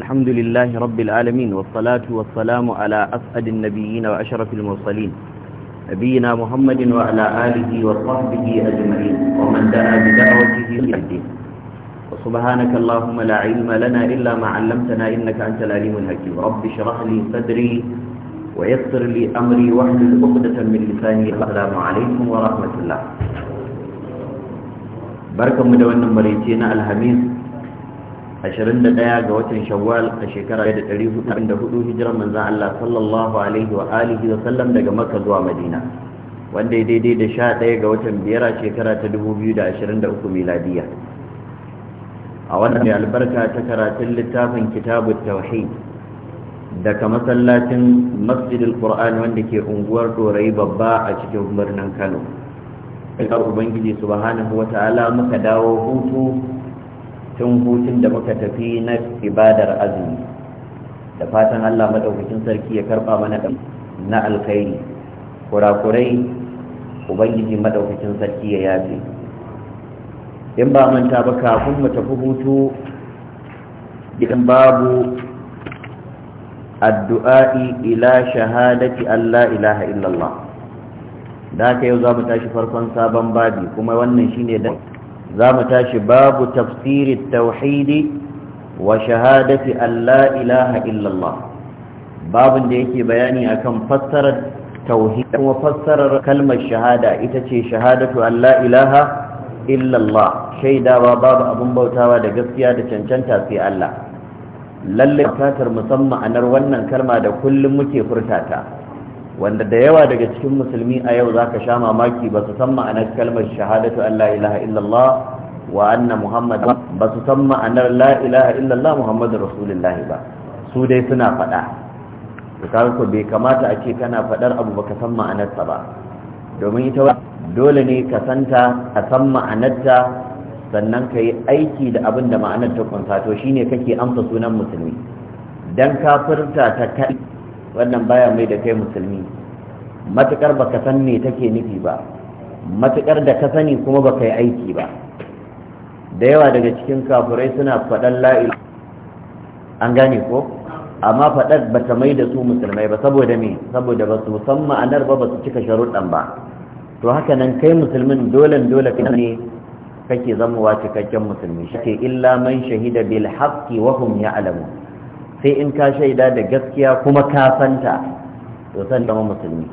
الحمد لله رب العالمين والصلاة والسلام على أسعد النبيين وأشرف المرسلين نبينا محمد وعلى آله وصحبه أجمعين ومن دعا بدعوته إلى الدين وسبحانك اللهم لا علم لنا إلا ما علمتنا إنك أنت العليم الحكيم رب اشرح لي صدري ويسر لي أمري واحلل عقدة من لساني السلام عليكم ورحمة الله barkanmu da wannan maraice na alhamis 21 ga watan shawwal a shekara 1444 hijiran manzan Allah sallallahu alaihi wa alihi wa sallam daga makka zuwa madina wanda ya daidai da 11 ga watan biyar a shekara ta 2023 miladiya a wannan albarka ta karatun littafin kitabut tauhid daga masallacin masjidil qur'an wanda ke unguwar dorai babba a cikin birnin kano Allah Ubangiji subhanahu wa ta'ala muka dawo hutu tun hutun da muka tafi na ibadar azumi da fatan Allah madaukakin sarki ya karɓa mana na alkhairi kurakurai ubangiji maɗaukacin sarki ya yafe in ba manta ba kafin mu tafi hutu idan babu addu'a'i ila shahadati Allah ilaha illallah da ka yau za mu tashi farkon sabon babi kuma wannan shine da za mu tashi babu tafsirin tauhidi wa shahadati Allah ilaha illallah babin da yake bayani akan fassarar tauhid kuma fassarar kalmar shahada ita ce shahadatu Allah ilaha illallah shaidawa babu abun bautawa da gaskiya da cancanta sai Allah lalle bukatar musamman anar wannan kalma da kullum muke furtata wanda da yawa daga cikin musulmi a yau zaka sha mamaki ba su san ma'anar kalmar shahadatu an la ilaha illallah wa anna muhammad ba su san ma'anar la ilaha illallah muhammadur rasulullahi ba su dai suna faɗa to kaga ko bai kamata a ce kana faɗar abu ba ka san ma'anarsa ba domin ita dole ne ka santa a san ma'anarta sannan ka yi aiki da abin da ma'anar ta kunsa to shine kake amsa sunan musulmi dan kafirta ta kai wannan baya mai da kai musulmi matukar baka san me take nufi ba matukar da ka sani kuma baka yi aiki ba da yawa daga cikin kafurai suna faɗan la'il an gane ko amma faɗar ba ta mai da su musulmai ba saboda me saboda ba su san ma'anar ba ba su cika sharuɗan ba to haka nan kai musulmin dole dole ne kake zamowa cikakken musulmi shi illa man shahida bil haqqi wa hum ya'lamun sai in ka shaida da gaskiya kuma ka santa to san zama musulmi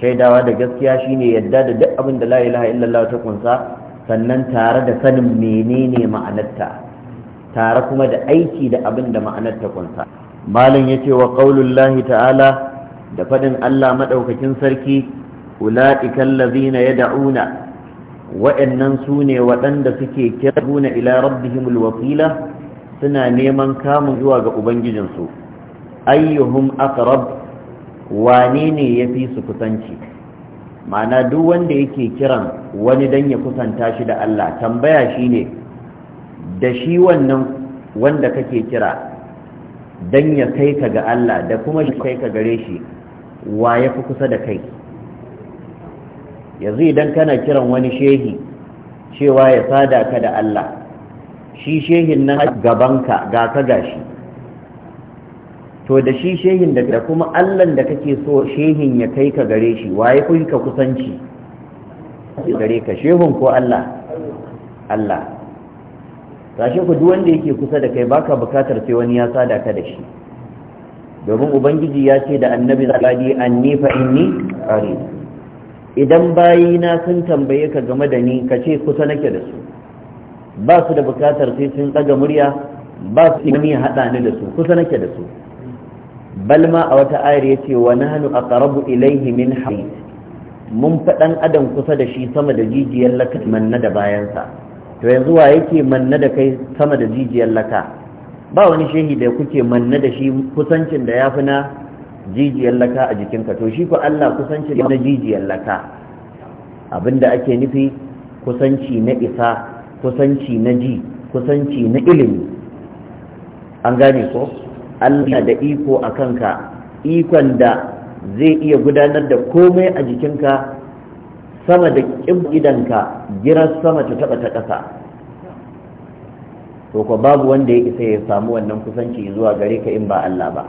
shaidawa da gaskiya shine yadda da duk abin da la ilaha illallah ta kunsa sannan tare da sanin menene ma'anarta tare kuma da aiki da abin da ma'anarta kunsa malam yace wa qaulullahi ta'ala da fadin Allah madaukakin sarki ulaika allazina yad'una wa'annan sune waɗanda suke kiruna ila rabbihimul wasila suna neman kamun zuwa ga ubangijinsu ayyuhum aqrab wane ne ya fi su kusanci ma'ana duk wanda yake kiran wani dan ya kusanta shi da Allah tambaya shi ne. da shi wannan wanda kake kira dan ya kai ka ga Allah da kuma shi kai ka gare shi wa ya fi kusa da kai yanzu idan kana kiran wani shehi cewa ya sada ka da Allah shi shehin nan gabanka ga ka gashi to da shi shehin da kuma allan da kake so shehin ya kai ka gare shi waye kun ka kusanci gare ka shehun ko allah allah tashi ku duk wanda yake kusa da kai baka bukatar sai wani ya sada ka da shi domin ubangiji ya ce da annabi zakadi anni fa inni qarib idan bayina sun tambaye ka game da ni ka ce kusa nake da su ba su da bukatar sai sun ɗaga murya ba su wani haɗa ni da su kusa nake da su balma a wata ayar ya ce wa nahnu aqrabu ilayhi min hayy mun fa dan adam kusa da shi sama da jijiyar laka manna da bayansa to yanzu wa yake manna da kai sama da jijiyar laka ba wani shehi da kuke manna da shi kusancin da yafi na jijiyar laka a jikinka to shi ko Allah kusancin na jijiyar laka abinda ake nufi kusanci na isa kusanci na ji kusanci na ilimi an gane ko allah da iko a kanka ikon da zai iya gudanar da komai a jikinka sama da ƙin idanka girar sama ta taɓa ta ƙasa to ko babu wanda ya isa ya samu wannan kusanci zuwa gare ka in ba allah ba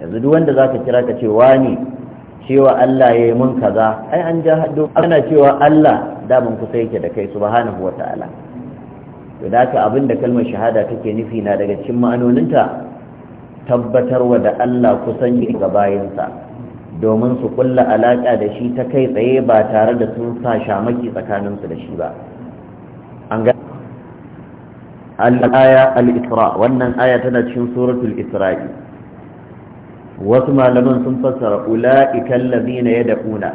yanzu duk wanda za ka kira ka ce wani cewa Allah ya yi mun kaza ai an ja haddo ana cewa Allah daman kusa yake da kai subhanahu wa ta'ala to da haka abin da kalmar shahada take nufi na daga cikin ma'anoninta tabbatarwa da Allah kusan ga bayansa domin su kulla alaƙa da shi ta kai tsaye ba tare da sun sa shamaki tsakaninsu da shi ba an ga al-aya al-isra wannan aya tana cikin suratul isra'i wasu malaman sun fassara ula'ikan lazina ya da'una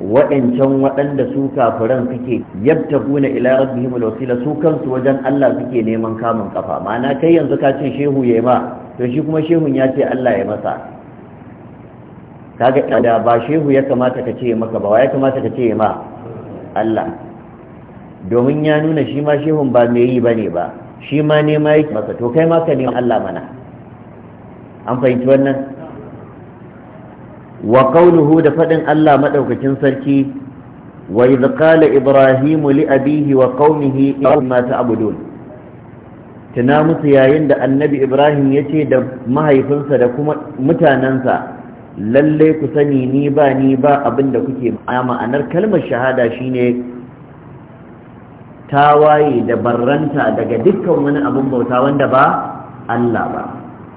waɗancan waɗanda su kafiran suke yabtaguna ila rabbihim alwasila su kansu wajen Allah suke neman kamun kafa ma'ana kai yanzu ka ce shehu yayi ma to shi kuma shehun ya ce Allah ya masa kaga da ba shehu ya kamata ka ce maka ba ya kamata ka ce ma Allah domin ya nuna shi ma shehun ba mai yi bane ba shi ma nema yake masa to kai ma ka neman Allah mana an fahimci wannan wa qawluhu da faɗin Allah maɗaukakin sarki wa idh qala ibrahim li abihi wa qaumihi ta'budun tuna musu yayin da annabi ibrahim ya ce da mahaifinsa da kuma mutanensa lalle ku sani ni ba ni ba abin da kuke ma'anar kalmar shahada shine tawaye da barranta daga dukkan wani abin bauta wanda ba Allah ba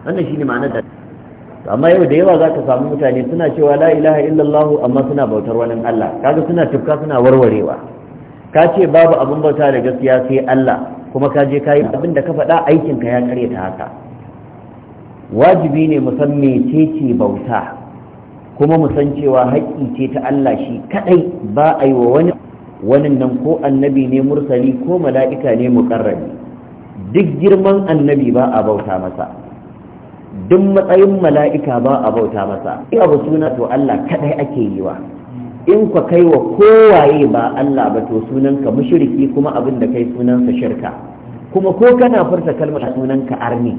wannan shine ma'anar da amma yau da yawa za ka samu mutane suna cewa la ilaha illallah amma suna bautar wani Allah kaga suna tufka suna warwarewa ka ce babu abin bauta da gaskiya sai Allah kuma ka je kayi abin da ka faɗa aikin ka ya kare ta haka wajibi ne mu san mecece bauta kuma mu san cewa haƙƙi ce ta Allah shi kadai ba a yi wa wani wannan nan ko annabi ne mursali ko mala'ika ne muƙarrabi duk girman annabi ba a bauta masa duk matsayin mala'ika ba a bauta masa ina ba suna to Allah kadai ake yi wa in ka kai wa kowaye ba Allah ba to sunanka mushriki kuma abin da kai sunansa shirka kuma ko kana furta kalmar sunanka arni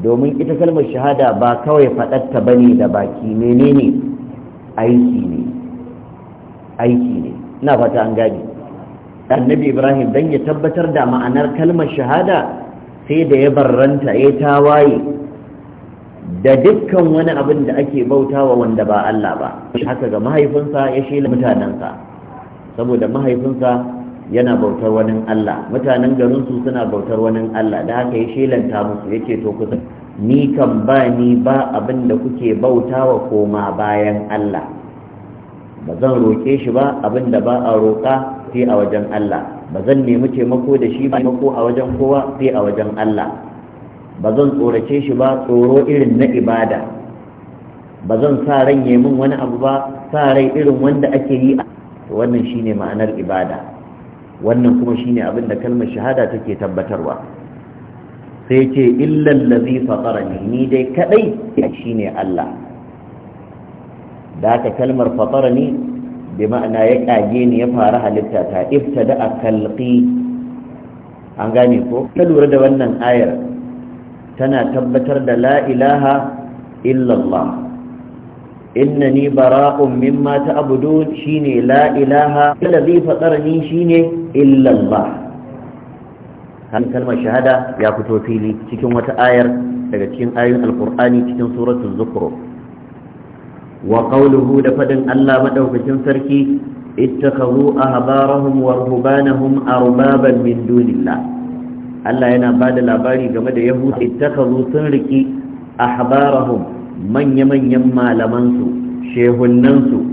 domin ita kalmar shahada ba kawai faɗatta bane da baki menene aiki ne aiki ne na fata an gani annabi ibrahim dan ya tabbatar da ma'anar kalmar shahada sai da ya barranta ya tawaye da dukkan wani abin da ake bauta wa wanda ba Allah ba haka ga mahaifinsa ya shela mutanensa saboda mahaifinsa yana bautar wani Allah mutanen garinsu suna bautar wani Allah da haka ya shelanta musu ya ce to kusa ni kan ba ni ba abin da kuke bauta wa koma bayan Allah ba zan roƙe shi ba abin da ba a roƙa sai a wajen Allah ba zan nemi taimako da shi ba a wajen kowa sai a wajen Allah ba zan tsorace shi ba tsoro irin na ibada ba zan sa ran ya min wani abu ba sa rai irin wanda ake yi wannan shine ma'anar ibada wannan kuma shine abin da kalmar shahada take tabbatarwa sai ce illal ladhi fatarani ni dai kadai shine Allah da haka kalmar fatarani bi ma'ana ya kage ni ya fara halitta ta ibtada kalqi an gane ko ka lura da wannan ayar tana tabbatar da la ilaha illallah innani bara'un mimma la'ilaha. shine la ilaha allazi shi ne illallah hannun kalmar shahada ya fito fili cikin wata ayar daga cikin ayoyin alkur'ani cikin suratun zukhruf wa da faɗin Allah maɗaukakin sarki ittakhadhu ahbarahum wa ruhbanahum arbaban min dunillah Allah yana ba da labari game da yahudu ittakazu sun riki ahbarahum manya-manyan malamansu shehunnansu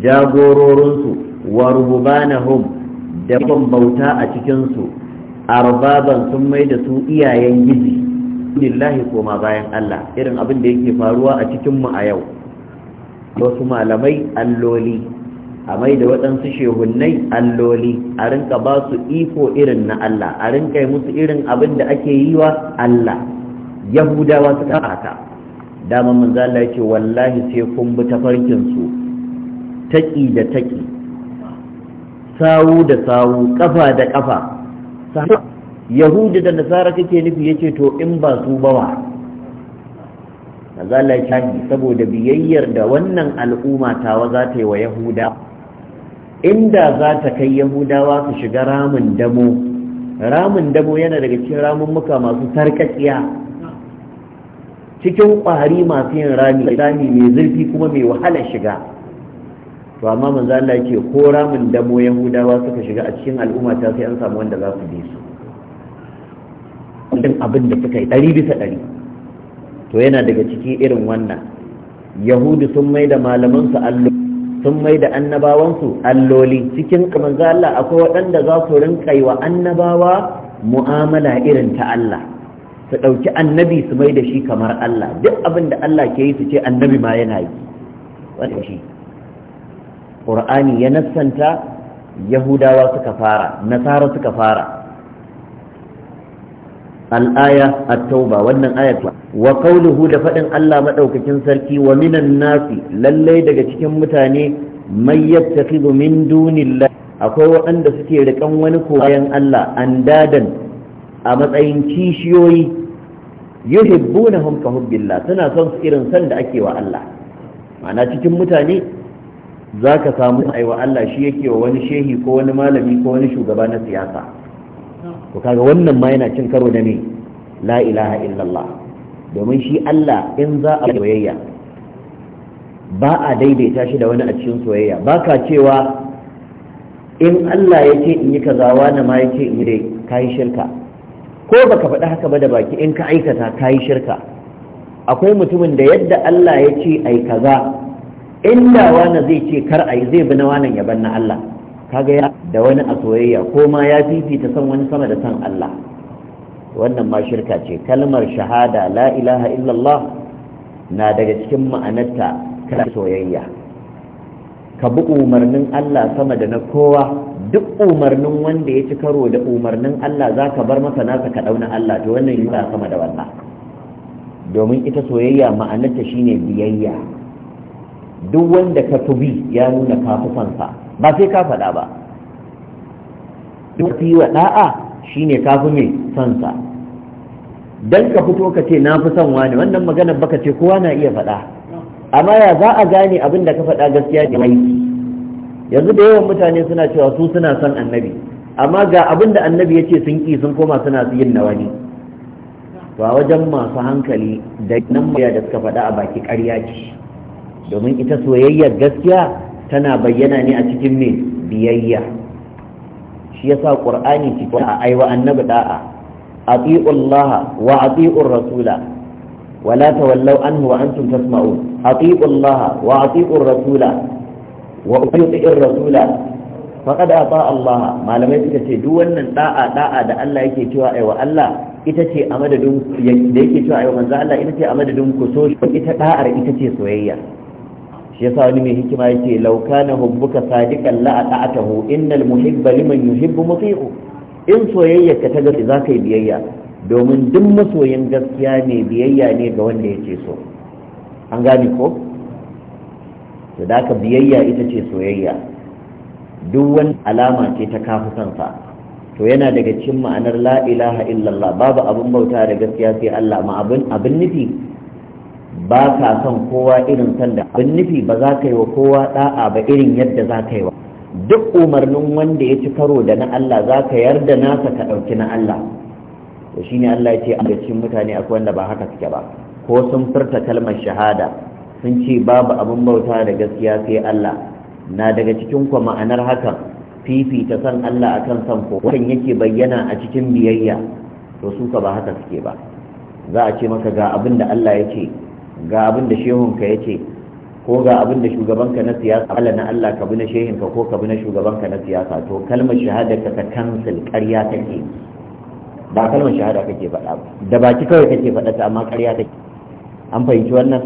jagororinsu wa rububanahum da bauta a cikinsu arbaban sun mai da su iyayen gizi lillahi koma bayan Allah irin abin da yake faruwa a cikinmu a yau wasu malamai alloli a mai da waɗansu shehunnai alloli a rinka ba su iko irin na Allah a rinka yi musu irin abin da ake yi wa Allah yahudawa ta haka daman manzo Allah yake wallahi sai kun bi tafarkin su taki da taki sawu da sawu kafa da kafa yahudi da nasara kake nufi yace to in ba su bawa wa? Allah ya saboda biyayyar da wannan al'umma tawa za ta yi wa yahuda inda za ta kai yahudawa su shiga ramin damo ramin damo yana daga cikin muka masu sarkakiya cikin ƙwari masu yin rami rami mai zurfi kuma mai wahala shiga to amma manzo Allah yake ko ramin damo yahudawa suka shiga a cikin al'umma ta sai an samu wanda za su bi su din abin da suka yi ɗari bisa ɗari to yana daga ciki irin wannan yahudu sun mai da malamansu allo sun mai da annabawansu alloli cikin manzo Allah akwai waɗanda za su rinka yi wa annabawa mu'amala irin ta Allah su ɗauki annabi su mai da shi kamar Allah duk abin da Allah ke yi su ce annabi ma yana yi wanda shi ƙur'ani ya nassanta yahudawa suka fara nasara suka fara al'aya a tauba wannan ayat wa qawluhu da faɗin Allah madaukakin sarki wa minan nasi lallai daga cikin mutane mai yattakhidhu min dunillahi akwai waɗanda suke rikan wani koyan Allah andadan a matsayin kishiyoyi yuhibbunahum ka hubbillah suna son su irin san da ake wa Allah ma'ana cikin mutane zaka samu aiwa Allah shi yake wa wani shehi ko wani malami ko wani shugaba na siyasa to kaga wannan ma yana cin karo da me la ilaha illallah domin shi Allah in za a soyayya ba a daidaita shi da wani a cikin soyayya ba ka cewa in Allah ya ce in yi kaza wani ma ya ce in yi dai ka yi shirka ko baka faɗi haka ba da baki in ka aikata ka yi shirka akwai mutumin da yadda Allah ya ce ai kaza inda wani zai ce kar ai zai bi na wani ya na Allah kaga ya da wani a soyayya ko ma ya fifita san wani sama da san Allah wannan ma shirka ce kalmar shahada la ilaha illallah na daga cikin ma'anarta kala soyayya ka bi umarnin Allah sama da na kowa duk umarnin wanda ya ci karo da umarnin Allah za ka bar masa nasa ka dauna Allah to wannan yi sama da wannan domin ita soyayya ma'anarta shine biyayya duk wanda ka tubi ya nuna kafufansa ba sai ka faɗa ba duk yi wa ne shine kafin mai son sa dan ka fito ka ce na fi son wani wannan maganar baka ce kowa na iya faɗa amma ya za a gane abin da ka faɗa gaskiya ne aiki yanzu da yawan mutane suna cewa su suna son annabi amma ga abin da annabi ya ce sun ki sun koma suna yin na wani ba wajen masu hankali da nan da suka faɗa a baki ƙarya ce domin ita soyayyar gaskiya tana bayyana ne a cikin mai biyayya shi yasa qur'ani ki kuma ai wa annabi da'a ati'u Allah wa ati'u rasula wa la tawallaw anhu wa antum tasma'un ati'u Allah wa ati'u rasula wa ati'u rasula faqad ata Allah malamai suka ce duk wannan da'a da'a da Allah yake cewa ai wa Allah ita ce a madadin da yake cewa ai manzo Allah ita ce a madadin ku so ita da'ar ita ce soyayya shi yasa wani mai hikima yake laukana hubbuka sadiqan la ata'atahu innal muhibba liman yuhibbu muti'u in soyayyarka ta gaske za ka yi biyayya domin duk masoyin gaskiya ne biyayya ne ga wanda yake so an gane ko to da ka biyayya ita ce soyayya duk wani alama ce ta kafu kansa to yana daga cikin ma'anar la ilaha illallah babu abin bauta da gaskiya sai Allah ma abin abin nufi ba ka son kowa irin sanda abin nufi ba za ka yi wa kowa da'a ba irin yadda za ka yi wa duk umarnin wanda ya ci karo da na Allah za ka yarda nasa ka ɗauki na Allah to shi ne Allah ya ce a cikin mutane a wanda ba haka suke ba ko sun furta kalmar shahada sun ce babu abin bauta da gaskiya sai Allah na daga cikin ku ma'anar hakan fifita san Allah akan san ko wannan yake bayyana a cikin biyayya to su ka ba haka suke ba za a ce maka ga abin da Allah ya ce ga abin da shehunka ya ce ko ga abin da shugabanka na siyasa ala na Allah ka bi na shehinka ko ka bi na shugabanka na siyasa to kalmar shahada ka ta kansil ƙarya take ba kalmar shahada kake faɗa ba da baki kawai kake faɗa ta amma ƙarya take an fahimci wannan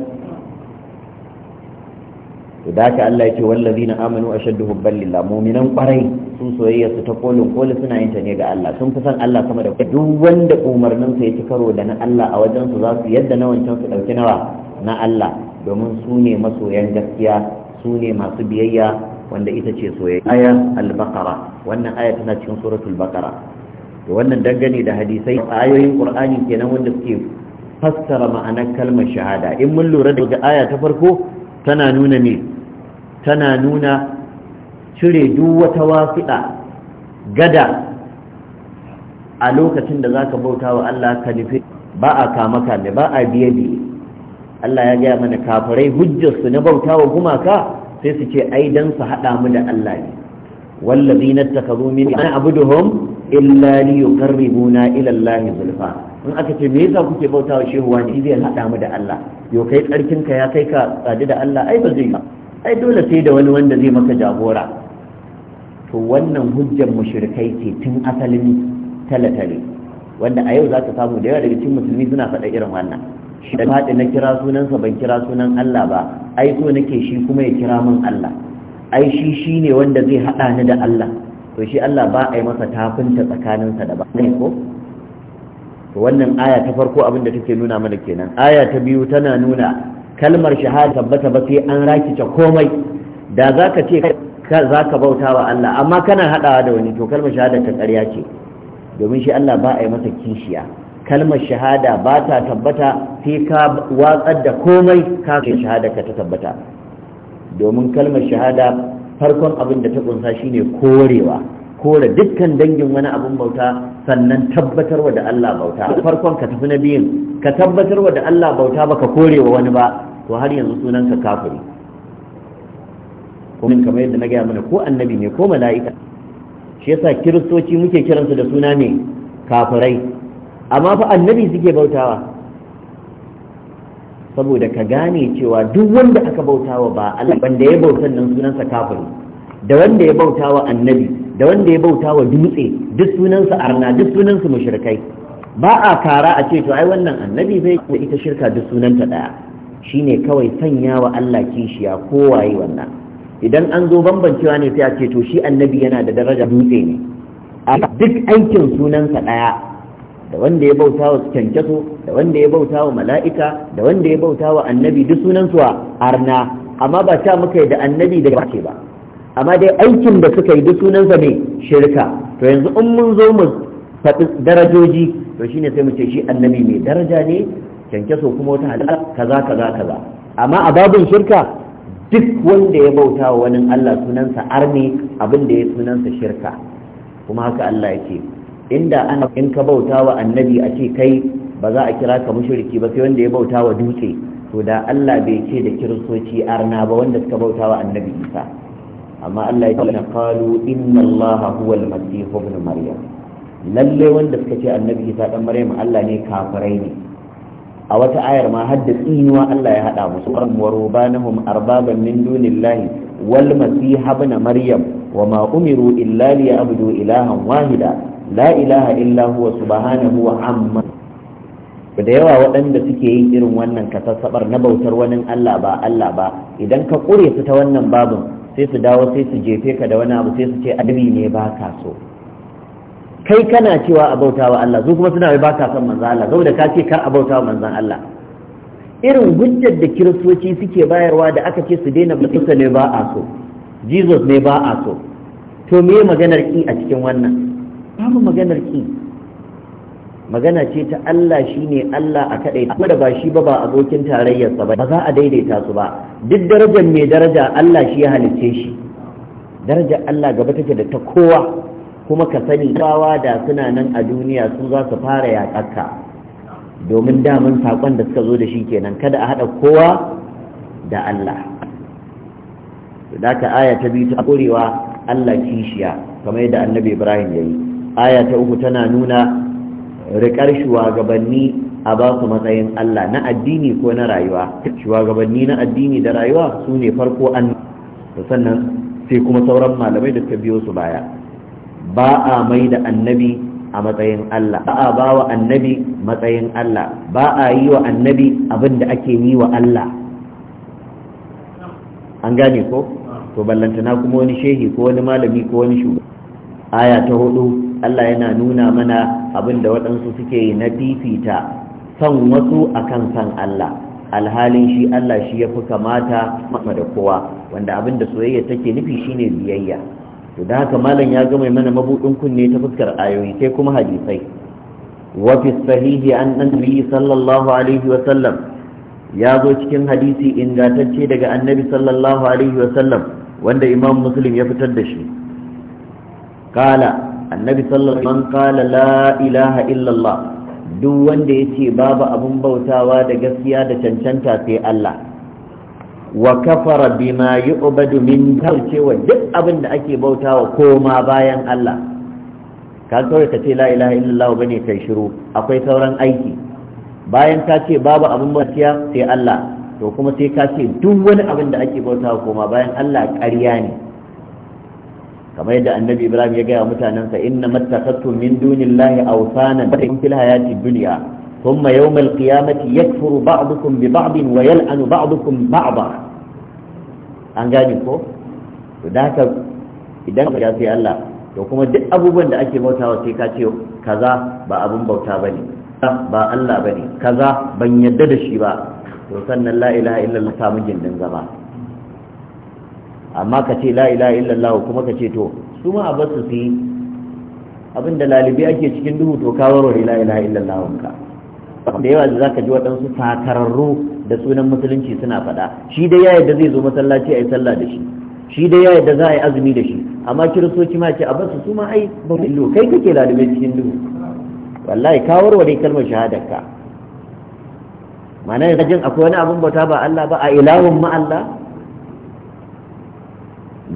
to da haka Allah ya ce wallazina amanu ashaddu hubban lillah mu'minan ƙwarai sun soyayya su ta kolin koli suna yin ta ne ga Allah sun fi son Allah sama da duk wanda umarnin ya ci karo da na Allah a wajen su za su yadda na wancan su dauki nawa na Allah domin su ne masoyan gaskiya su ne masu biyayya wanda ita ce soyayya aya al-baqara wannan aya tana cikin suratul baqara to wannan dangane da hadisai ayoyin qur'ani kenan wanda suke fassara ma'anar kalmar shahada in mun lura da aya ta farko tana nuna me tana nuna cire duk wata wasiɗa gada a lokacin da zaka bauta wa Allah ka nufi ba a kama kalle ba a biye biye Allah ya gaya mana kafirai su na bauta wa gumaka sai su ce ai dan su haɗa mu da Allah ne wallazina takazu min abuduhum illa liyuqarribuna ila Allah zulfa in aka ce me yasa kuke bautawa shehu wani zai haɗa mu da Allah yo kai karkin ka ya kai ka tsadi da Allah ai ba zai ai dole sai da wani wanda zai maka jagora to wannan hujjar mushrikai ce tun asalin talatale wanda a yau za ka samu da yawa daga cikin musulmi suna faɗa irin wannan shi da faɗi na kira sunansa ban kira sunan Allah ba ai so nake shi kuma ya kira min Allah ai shi shi ne wanda zai haɗa ni da Allah to shi Allah ba a yi masa tafinta tsakaninsa da ba ne ko to wannan aya ta farko abin da take nuna mana kenan aya ta biyu tana nuna kalmar shahada tabbata ba sai an rakice komai da zaka ce zaka bauta wa Allah amma kana hadawa da wani to kalmar shahada ta ƙarya ce domin shi Allah ba a yi masa kishiya kalmar shahada ba ta tabbata sai ka watsar da komai ka shahada ka ta tabbata domin kalmar shahada farkon abin da ta kunsa shine korewa kore dukkan dangin wani abin bauta sannan wa da Allah bauta farkon ka tafi na biyun ka wa da Allah bauta baka korewa wani ba to har yanzu sunan ka kafiri kuma kamar yadda na gaya mana ko annabi ne ko mala'ika shi yasa kiristoci muke kiransu da suna ne kafirai amma fa annabi suke bautawa saboda ka gane cewa duk wanda aka bautawa ba Allah wanda ya bauta nan sunansa kafiri da wanda ya bautawa annabi da wanda ya bautawa dutse duk sunansa arna duk sunansa mushrikai ba a kara a ce to ai wannan annabi bai ko ita shirka duk sunanta daya shine kawai sanya wa Allah kishiya kowaye wannan idan an zo bambancewa ne sai a ce to shi annabi yana da daraja dutse ne duk aikin sunansa daya da wanda ya bauta wa kyankyaso da wanda ya bauta wa mala'ika da wanda ya bauta wa annabi duk sunan su arna amma ba ta muka yi da annabi da ce ba amma dai aikin da suka yi duk sunan ne shirka to yanzu in mun zo mu faɗi darajoji to shine sai mu ce shi annabi mai daraja ne kyankyaso kuma wata halitta kaza kaza kaza amma a babin shirka duk wanda ya bauta wa wani Allah sunansa arne abin da ya sunansa shirka kuma haka Allah yake inda ana in ka bauta wa annabi a ce kai ba za a kira ka mushriki ba sai wanda ya bauta wa dutse to da Allah bai ce da kiristoci arna ba wanda suka bauta wa annabi Isa amma Allah ya ce qalu inna Allah huwa al-masih ibn maryam lalle wanda suka ce annabi Isa dan maryam Allah ne kafirai ne a wata ayar ma hadda tsinuwa Allah ya hada musu wa rubanahum arbaban min dunillahi wal masih ibn maryam wa ma umiru illa liya'budu ilahan wahida la ilaha illa huwa subhanahu wa amma da yawa waɗanda suke yin irin wannan kasassabar na bautar wani Allah ba Allah ba idan ka ƙure su ta wannan babin sai su dawo sai su jefe ka da wani abu sai su ce adabi ne ba ka so kai kana cewa a bauta wa Allah su kuma suna ba ka son manzan Allah saboda ka ce kar a bauta wa manzan Allah irin hujjar da kiristoci suke bayarwa da aka ce su daina bauta ne ba a so jesus ne ba a so to me maganar ki a cikin wannan babu maganar ki magana ce ta Allah shine Allah a kadai kuma da ba shi ba ba abokin tarayyarsa ba ba za a daidaita su ba duk darajar mai daraja Allah shi ya halicce shi darajar Allah gaba take da ta kowa kuma ka sani bawa da suna nan a duniya su za su fara yaƙarka domin daman saƙon da suka zo da shi kenan kada a haɗa kowa da Allah da ka aya ta biyu ta ƙurewa Allah kishiya kamar yadda annabi Ibrahim ya yi aya ta uku tana nuna riƙar shugabanni a ba su matsayin Allah na addini ko na rayuwa shugabanni na addini da rayuwa su ne farko an sannan sai kuma sauran malamai da ta biyo su baya ba a mai da annabi a matsayin Allah ba a ba wa annabi matsayin Allah ba a yi wa annabi abin da ake yi wa Allah an gane ko to ballantana kuma wani shehi ko wani malami ko wani shugaba aya ta hudu Allah yana nuna mana abin da waɗansu suke na fifita son wasu akan son Allah alhalin shi Allah shi ya fi kamata mama da kowa wanda abin da soyayya take nufi shine biyayya to da haka malam ya gama mana mabudin kunne ta fuskar ayoyi sai kuma hadisai wa fi sahihi an annabi sallallahu alaihi wa sallam ya zo cikin hadisi ingantacce daga annabi sallallahu alaihi wa sallam wanda imam muslim ya fitar da shi kala annabi sallallahu man qala la ilaha illallah duk wanda yace babu abun bautawa da gaskiya da cancanta sai Allah wa kafara bima yu'badu min cewa duk abin da ake bautawa koma bayan Allah ka kawai ka ce la ilaha illallah bane kai shiru akwai sauran aiki bayan ka ce babu abin bautawa sai Allah to kuma sai ka ce duk wani abin da ake bautawa koma bayan Allah ƙarya ne kamar yadda annabi ibrahim ya gaya mutanensa inna mattakhadtum min dunillahi awsanan fil hayati dunya thumma yawm alqiyamati yakfuru ba'dukum bi ba'din wa yal'anu ba'dukum ba'da an gane ko to da haka idan ka sai Allah to kuma duk abubuwan da ake bauta bautawa sai ka ce kaza ba abun bauta bane ba Allah bane kaza ban yadda da shi ba to sannan la ilaha illallah samu gindin zama amma ka ce la ilaha illallah kuma ka ce to su ma a su yi abinda lalibi ake cikin duhu to ka warware la ilaha illallah ka da yawa za ka ji waɗansu takararru da sunan musulunci suna faɗa shi dai ya yadda zai zo masallaci a yi sallah da shi shi dai ya yadda za a yi azumi da shi amma kiristoci ma ce a basu su ma ai ba kai kake lalibi cikin duhu wallahi ka ne kalmar ka ma'ana yanzu jin akwai wani abin bauta ba Allah ba a ilahun ma Allah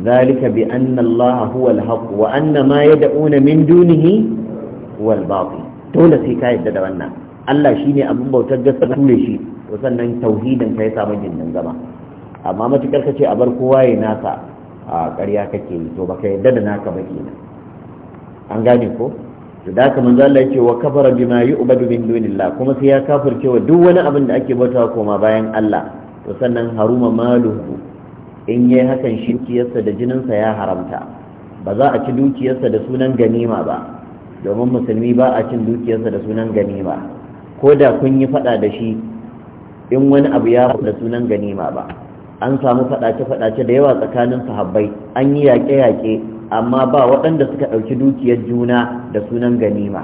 ذلك بأن الله هو wa وأن ما يدعون من دونه هو الباطل dole sai ka yadda da wannan Allah shine abin bautar gaskiya ture shi to sannan tauhidin ka ya samu gindin zama amma matukar kace a bar kowa ya nasa a ƙarya kake yi to baka yadda da naka ba kenan an gane ko to da kamar manzo Allah yake wa kafara bima yu'badu kuma sai ya kafirce wa duk wani abin da ake bautawa koma bayan Allah to sannan haruma maluhu in yi hakan shi dukiyarsa da jininsa ya haramta ba za a ci dukiyarsa da sunan ganima ba domin musulmi ba a cin dukiyarsa da sunan ganima ko da kun yi fada da shi in wani abu ya da sunan ganima ba an samu fadace-fadace da yawa tsakanin sahabbai an yi yaƙe-yaƙe amma ba waɗanda suka ɗauki dukiyar juna da sunan ganima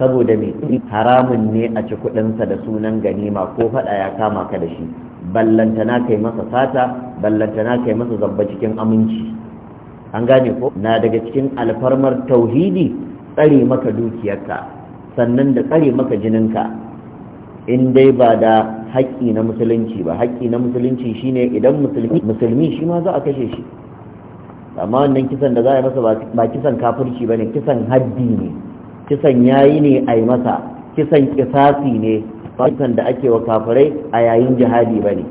saboda mai haramun ne a ci kuɗinsa da sunan ganima ko faɗa ya kama ka da shi ballantana kai masa sata ballantana kai masa zabba cikin aminci an gane ko na daga cikin alfarmar tauhidi tsare maka dukiyarka sannan da tsare maka jininka in dai ba da haƙƙi na musulunci ba haƙƙi na musulunci shine idan musulmi shi ma za a kashe shi amma wannan kisan da za a yi masa ba kisan kafirci ba ne kisan haddi ne kisan yayi ne a yi masa kisan kisasi ne fatan da ake wa kafirai a yayin jihadi ba ne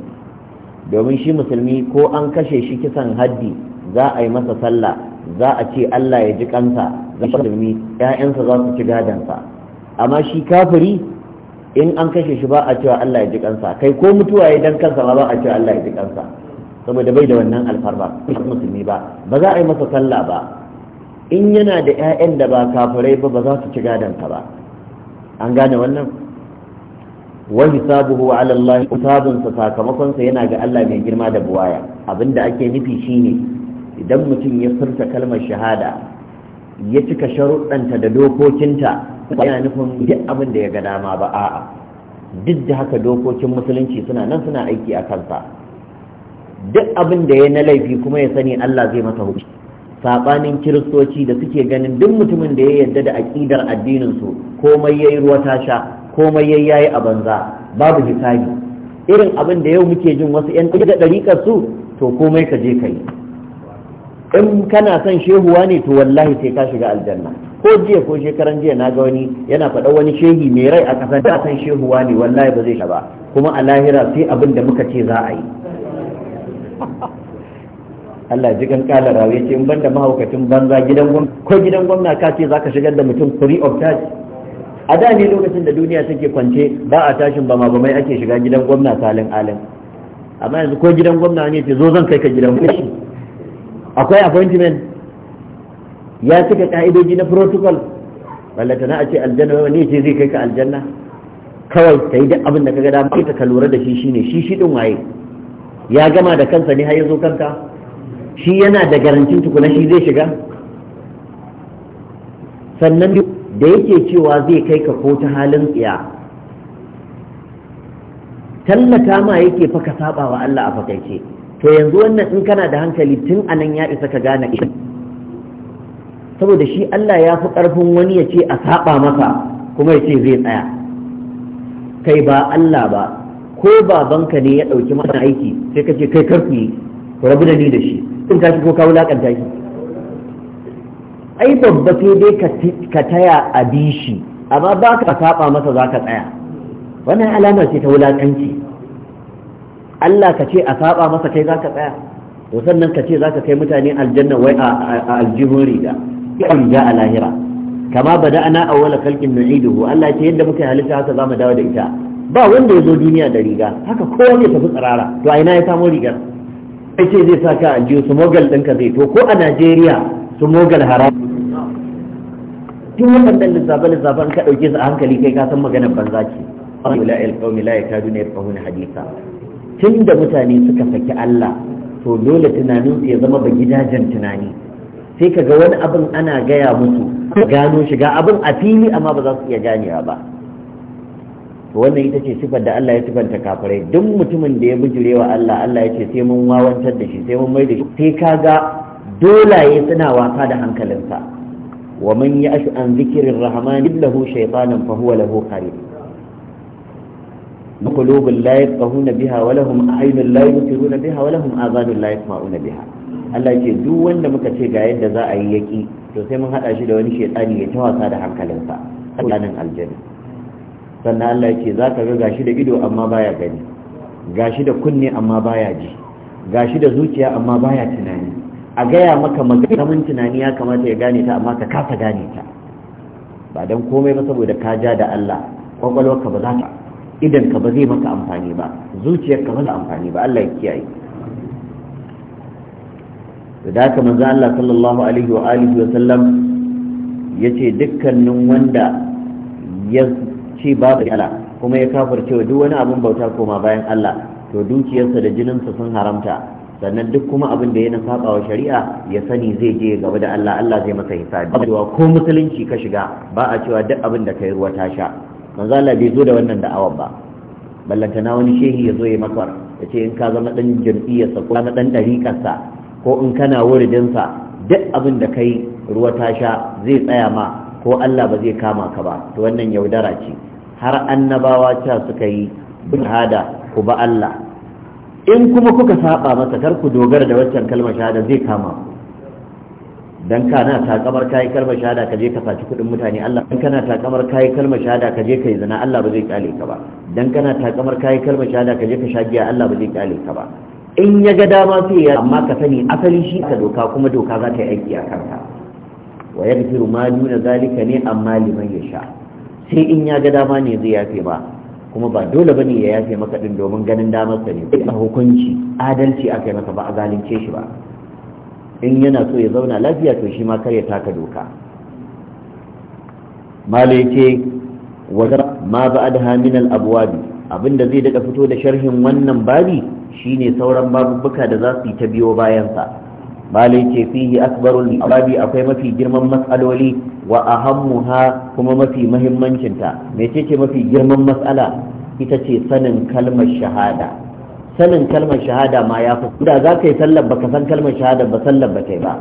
domin shi musulmi ko an kashe shi kisan haddi za a yi masa sallah za a ce Allah ya ji kansa za musulmi ƴaƴansa za su ci gadansa amma shi kafiri in an kashe shi ba a cewa Allah ya ji kansa kai ko mutuwa ya dan kansa ba a cewa Allah ya ji kansa saboda bai da wannan alfarma musulmi ba ba za a yi masa sallah ba in yana da ƴaƴan da ba kafirai ba ba za su ci gadansa ba an gane wannan wa hisabuhu ala Allah hisabun sa sakamakon sa yana ga Allah mai girma da buwaya abinda ake nufi shine idan mutum ya furta kalmar shahada ya cika sharuɗanta da dokokinta ba yana nufin duk abin da ya ga dama ba a'a duk da haka dokokin musulunci suna nan suna aiki a kansa duk abin da ya na laifi kuma ya sani Allah zai masa hukunci sabanin kiristoci da suke ganin duk mutumin da ya yarda da aƙidar addinin su komai yayi ruwa ta sha komai yayi yayi a banza babu hisabi irin abin da yau muke jin wasu yan kuɗi da ɗariƙar su to komai ka je ka yi in kana son shehuwa ne to wallahi sai ka shiga aljanna ko jiya ko shekaran jiya na ga wani yana faɗa wani shehi mai rai a kasan ta san shehuwa ne wallahi ba zai ba kuma a lahira sai abin da muka ce za a yi Allah ji kan kala rawe ce in banda mahaukacin banza gidan gwamna ko gidan gwamna ka ce zaka shigar da mutum free of charge a da ne lokacin da duniya take kwance ba a tashin ba ma ba mai ake shiga gidan gwamna salin alin amma yanzu ko gidan gwamna ne ce zo zan kai ka gidan gwamna akwai appointment ya cika ka'idoji na protocol ballata na a ce aljanna wani ce zai kai ka aljanna kawai ka yi duk abin da ka ga dama ita ka lura da shi shine shi shi din waye ya gama da kansa ne har ya zo kanka shi yana da garantin tukuna shi zai shiga sannan duk da yake cewa zai kai ka ko ta halin tsiya tallata ma yake faka saba wa Allah a fakaice to yanzu wannan in kana da hankali tun anan ya isa ka gane shi saboda shi Allah ya fi ƙarfin wani ya ce a saba masa kuma ya ce zai tsaya kai ba Allah ba ko babanka ne ya ɗauki mana aiki sai ka ce kai karfi rabu da ni da shi in ka shi ko ka wulaƙanta shi ai babba sai dai ka taya a bishi amma ba ka saba masa za ka tsaya wannan alama ce ta wulaƙanci Allah ka ce a saba masa kai za ka tsaya to sannan ka ce za ka kai mutane aljanna wai a aljihun riga kan ja a lahira kama ba da ana awwala khalqin nu'iduhu Allah ce yadda muka yi halitta haka za mu dawo da ita ba wanda ya zo duniya da riga haka kowa ne tafi tsirara to a ina ya samo rigar sai ce zai sa ka aljihu su mogal ɗinka zai to ko a Najeriya su mogal haram duk waɗannan lissafe-lissafen ka ɗauke su a hankali kai ka san maganar banza ce wala alqawmi la yakaduna yafqahuna haditha tun da mutane suka saki Allah to dole tunanin su ya zama ba gidajen tunani sai ka ga wani abin ana gaya musu gano shi ga abin a fili amma ba za su iya ganewa ba to wannan ita ce sifar da Allah ya sifanta kafirai duk mutumin da ya bijirewa Allah Allah ya ce sai mun wawantar da shi sai mun mai da shi sai ka ga dolaye suna wasa da hankalinsa wa man ya ashu an zikirin rahman lahu shaytanan fa huwa lahu qarin قلوب لا يفقهون بها ولهم أعين لا biha بها ولهم آذان لا ma'una biha. Allah ce duk wanda muka ce ga yadda za a yi yaki to sai mun hada shi da wani shedani ya tawasa da hankalinsa tsakanin aljanna sannan Allah ya ce za ka ga gashi da ido amma baya gani gashi da kunne amma baya ji gashi da zuciya amma baya tunani a gaya maka maganin tunani ya kamata ya gane ta amma ka kasa gane ta ba don komai ba saboda ka ja da Allah kwakwalwarka ba za ta idan ka ba zai maka amfani ba zuciyarka ba za amfani ba Allah ya kiyaye da haka manzo Allah sallallahu alaihi wa alihi wa sallam yace dukkanin wanda ya ce babu Allah kuma ya kafirce duk wani abin bauta koma bayan Allah to dukiyarsa da jininsa sun haramta sannan duk kuma abin da ya na saba shari'a ya sani zai je gaba da Allah Allah zai masa hisabi cewa ko musulunci ka shiga ba a cewa duk abin da kai ruwa ta sha manzo Allah bai zo da wannan da'awar ba na wani shehi ya zo ya makar ya ce in ka zama dan sa ko ɗan dariƙar sa ko in kana sa duk abin da kai ruwa ta sha zai tsaya ma ko Allah ba zai kama ka ba to wannan yaudara ce har annabawa ta suka yi bin hada ku ba Allah in kuma kuka saba masa kar ku dogara da waccan kalmar shahada zai kama ku dan kana kamar kai kalmar shahada ka je ka saci kudin mutane Allah dan kana kamar kai kalmar shahada ka je kai zina Allah ba zai kale ka ba dan kana kamar kai kalmar shahada ka je ka shagiya Allah ba zai kale ka ba in ya ga dama sai ya amma ka sani asali shi ka doka kuma doka za ta yi aiki a kanka wa yaghfiru ma duna zalika ne amma liman yasha sai in ya ga dama ne zai yafe ba kuma ba dole bane ya yafe maka din domin ganin damar sa ne a hukunci adalci aka yi maka ba a zalunce shi ba in yana so ya zauna lafiya to shi ma kar ya taka doka malai ce wazar ma ba'adha min al Abuwabi, abinda zai daga fito da sharhin wannan babi shine sauran babubuka da za su yi ta biyo bayansa. sa malai ce fihi akbarul babi akwai mafi girman matsaloli wa ahammuha kuma mafi mahimmancinta mecece mafi girman matsala ita ce sanin kalmar shahada sanin kalmar shahada ma ya fi da za ka yi sallar baka san kalmar shahada ba sallar ba kai ba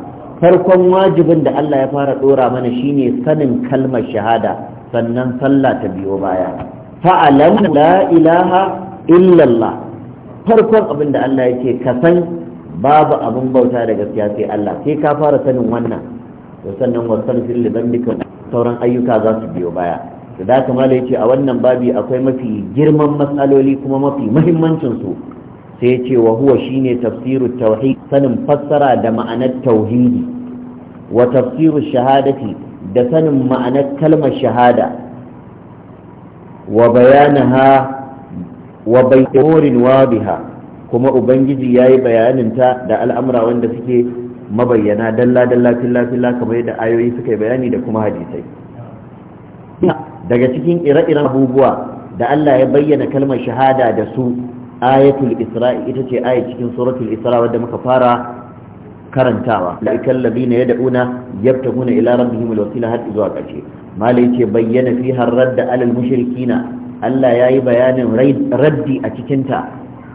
farkon wajibin da Allah ya fara dora mana shine sanin kalmar shahada sannan sallah ta biyo baya fa'alam la ilaha illallah farkon abin da Allah ya ce ka san babu abin bauta da gaskiya sai Allah sai ka fara sanin wannan to sannan wastaghfir li dhanbika sauran ayyuka za su biyo baya da da kamar da yace a wannan babi akwai mafi girman matsaloli kuma mafi mahimmancinsu. su sai ce wa shine tafsiru tauhid sanin fassara da ma'anar tauhidi wa tafsiru shahadati da sanin ma'anar kalmar shahada wa ha wa bayyanin kuma ubangiji yayi bayanin ta da al'amura wanda suke mabayyana dalla dalla filla filla kamar yadda ayoyi suka yi bayani da kuma hadisai daga cikin ire-iren abubuwa da Allah ya bayyana kalmar shahada da su ayatul isra ita ce aya cikin suratul isra wadda muka fara karantawa laikal ladina yad'una yabtaguna ila rabbihim alwasila har zuwa kace malai ce bayyana fi radda alal mushrikina Allah yayi bayanin raddi a cikin ta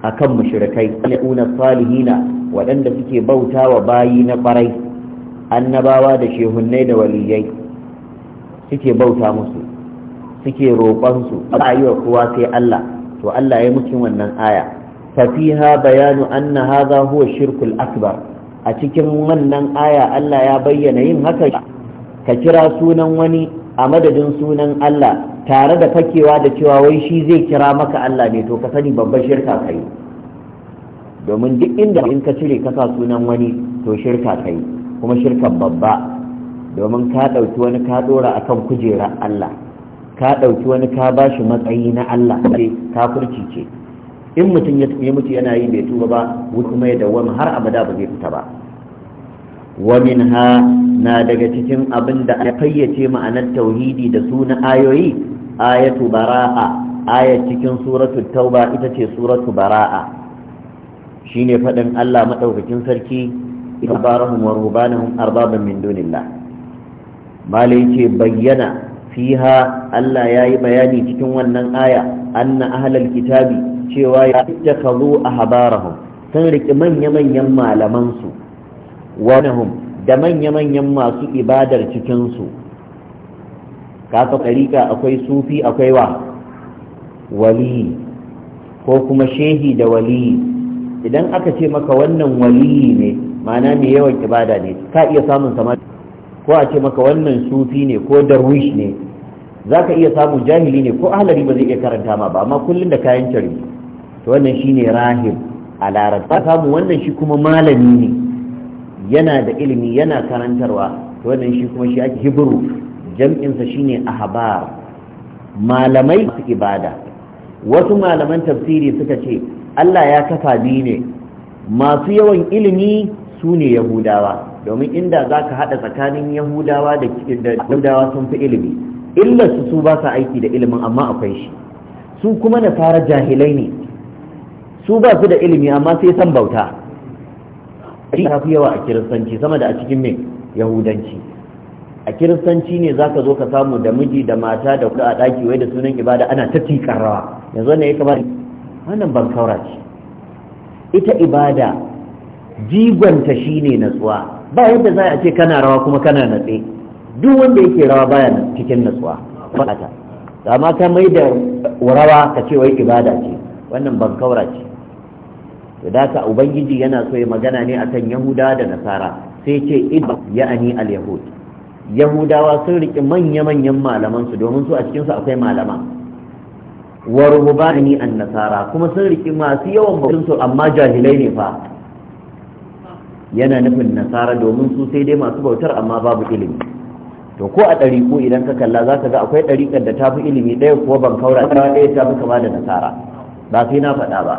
akan mushrikai yad'una salihina waɗanda suke bauta wa bayi na ƙwarai annabawa da shehunnai da waliyai suke bauta musu suke roƙonsu ba yi kowa sai Allah to Allah ya mutum wannan aya fafiha bayanu anna hadha huwa shirkul akbar a cikin wannan aya Allah ya bayyana yin haka ka kira sunan wani a madadin sunan Allah tare da fakewa da cewa wai shi zai kira maka Allah ne to ka sani babban shirka kai domin duk inda in ka cire ka sunan wani to shirka kai kuma shirkan babba domin ka ɗauki wani ka ɗora akan kujerar Allah ka ɗauki wani ka ba shi matsayi na Allah ce kurci ce in mutum ya mutu yana yi bai tuba ba kuma mai dawwama har abada ba zai fita ba wa ha na daga cikin abin da ya fayyace ma'anar tauhidi da suna ayoyi ayatu bara'a ayat cikin suratul tauba ita ce suratu bara'a shine faɗin Allah maɗaukakin sarki tabarahum wa rubanahum arbaban min dunillah malai ce bayyana fiha Allah ya yi bayani cikin wannan aya anna ahlal kitabi cewa ya ittakhadhu ahbarahum sun riki manya manyan malaman su da manya manyan masu ibadar cikin su kafa ɗariƙa akwai sufi akwai wa wali ko kuma shehi da wali idan aka ce maka wannan waliyi ne ma'ana mai yawan ibada ne ka iya samun sama ko a ce maka wannan sufi ne ko darwish ne za ka iya samun jahili ne ko ahalari ba zai iya karanta ma ba amma kullum da kayan cari to wannan shi ne Rahim a larabci samu wannan shi kuma malami ne yana da ilimi yana karantarwa to wannan shi kuma shi ake hibiru jam'insa shi ne Ahabar. malamai su ibada wasu malaman tafsiri suka ce Allah ya kafa biyu ne masu yawan ilimi su ne yahudawa domin inda za ka haɗa tsakanin yahudawa da yahudawa sun fi ilimi illarsu su ba sa aiki da ilimin amma akwai shi su kuma na fara jahilai ne su ba su da ilimi amma sai san bauta ta fi yawa a kiristanci sama da a cikin mai yahudanci a kiristanci ne za ka zo ka samu da miji da mata da kuɗa a ɗaki wai da sunan ibada ana ta tikar rawa yanzu ne ya kamata wannan ban kaura ce ita ibada jigonta shine natsuwa ba yadda za a ce kana rawa kuma kana natse duk wanda yake rawa baya cikin natsuwa fata amma ka mai da rawa ka ce wai ibada ce wannan ban kaura ce to da ka ubangiji yana so ya magana ne akan yahuda da nasara sai ce ibada ya'ani al-yahud yahudawa sun riƙe manya-manyan malaman su domin su a cikin akwai malama wa rububani an nasara kuma sun riƙe masu yawan bautun su amma jahilai ne fa yana nufin nasara domin su sai dai masu bautar amma babu ilimi to ko a ɗari ko idan ka kalla za ka ga akwai ɗariƙar da ta fi ilimi ɗaya kuwa ban kaura ɗaya ta fi kama da nasara ba sai na faɗa ba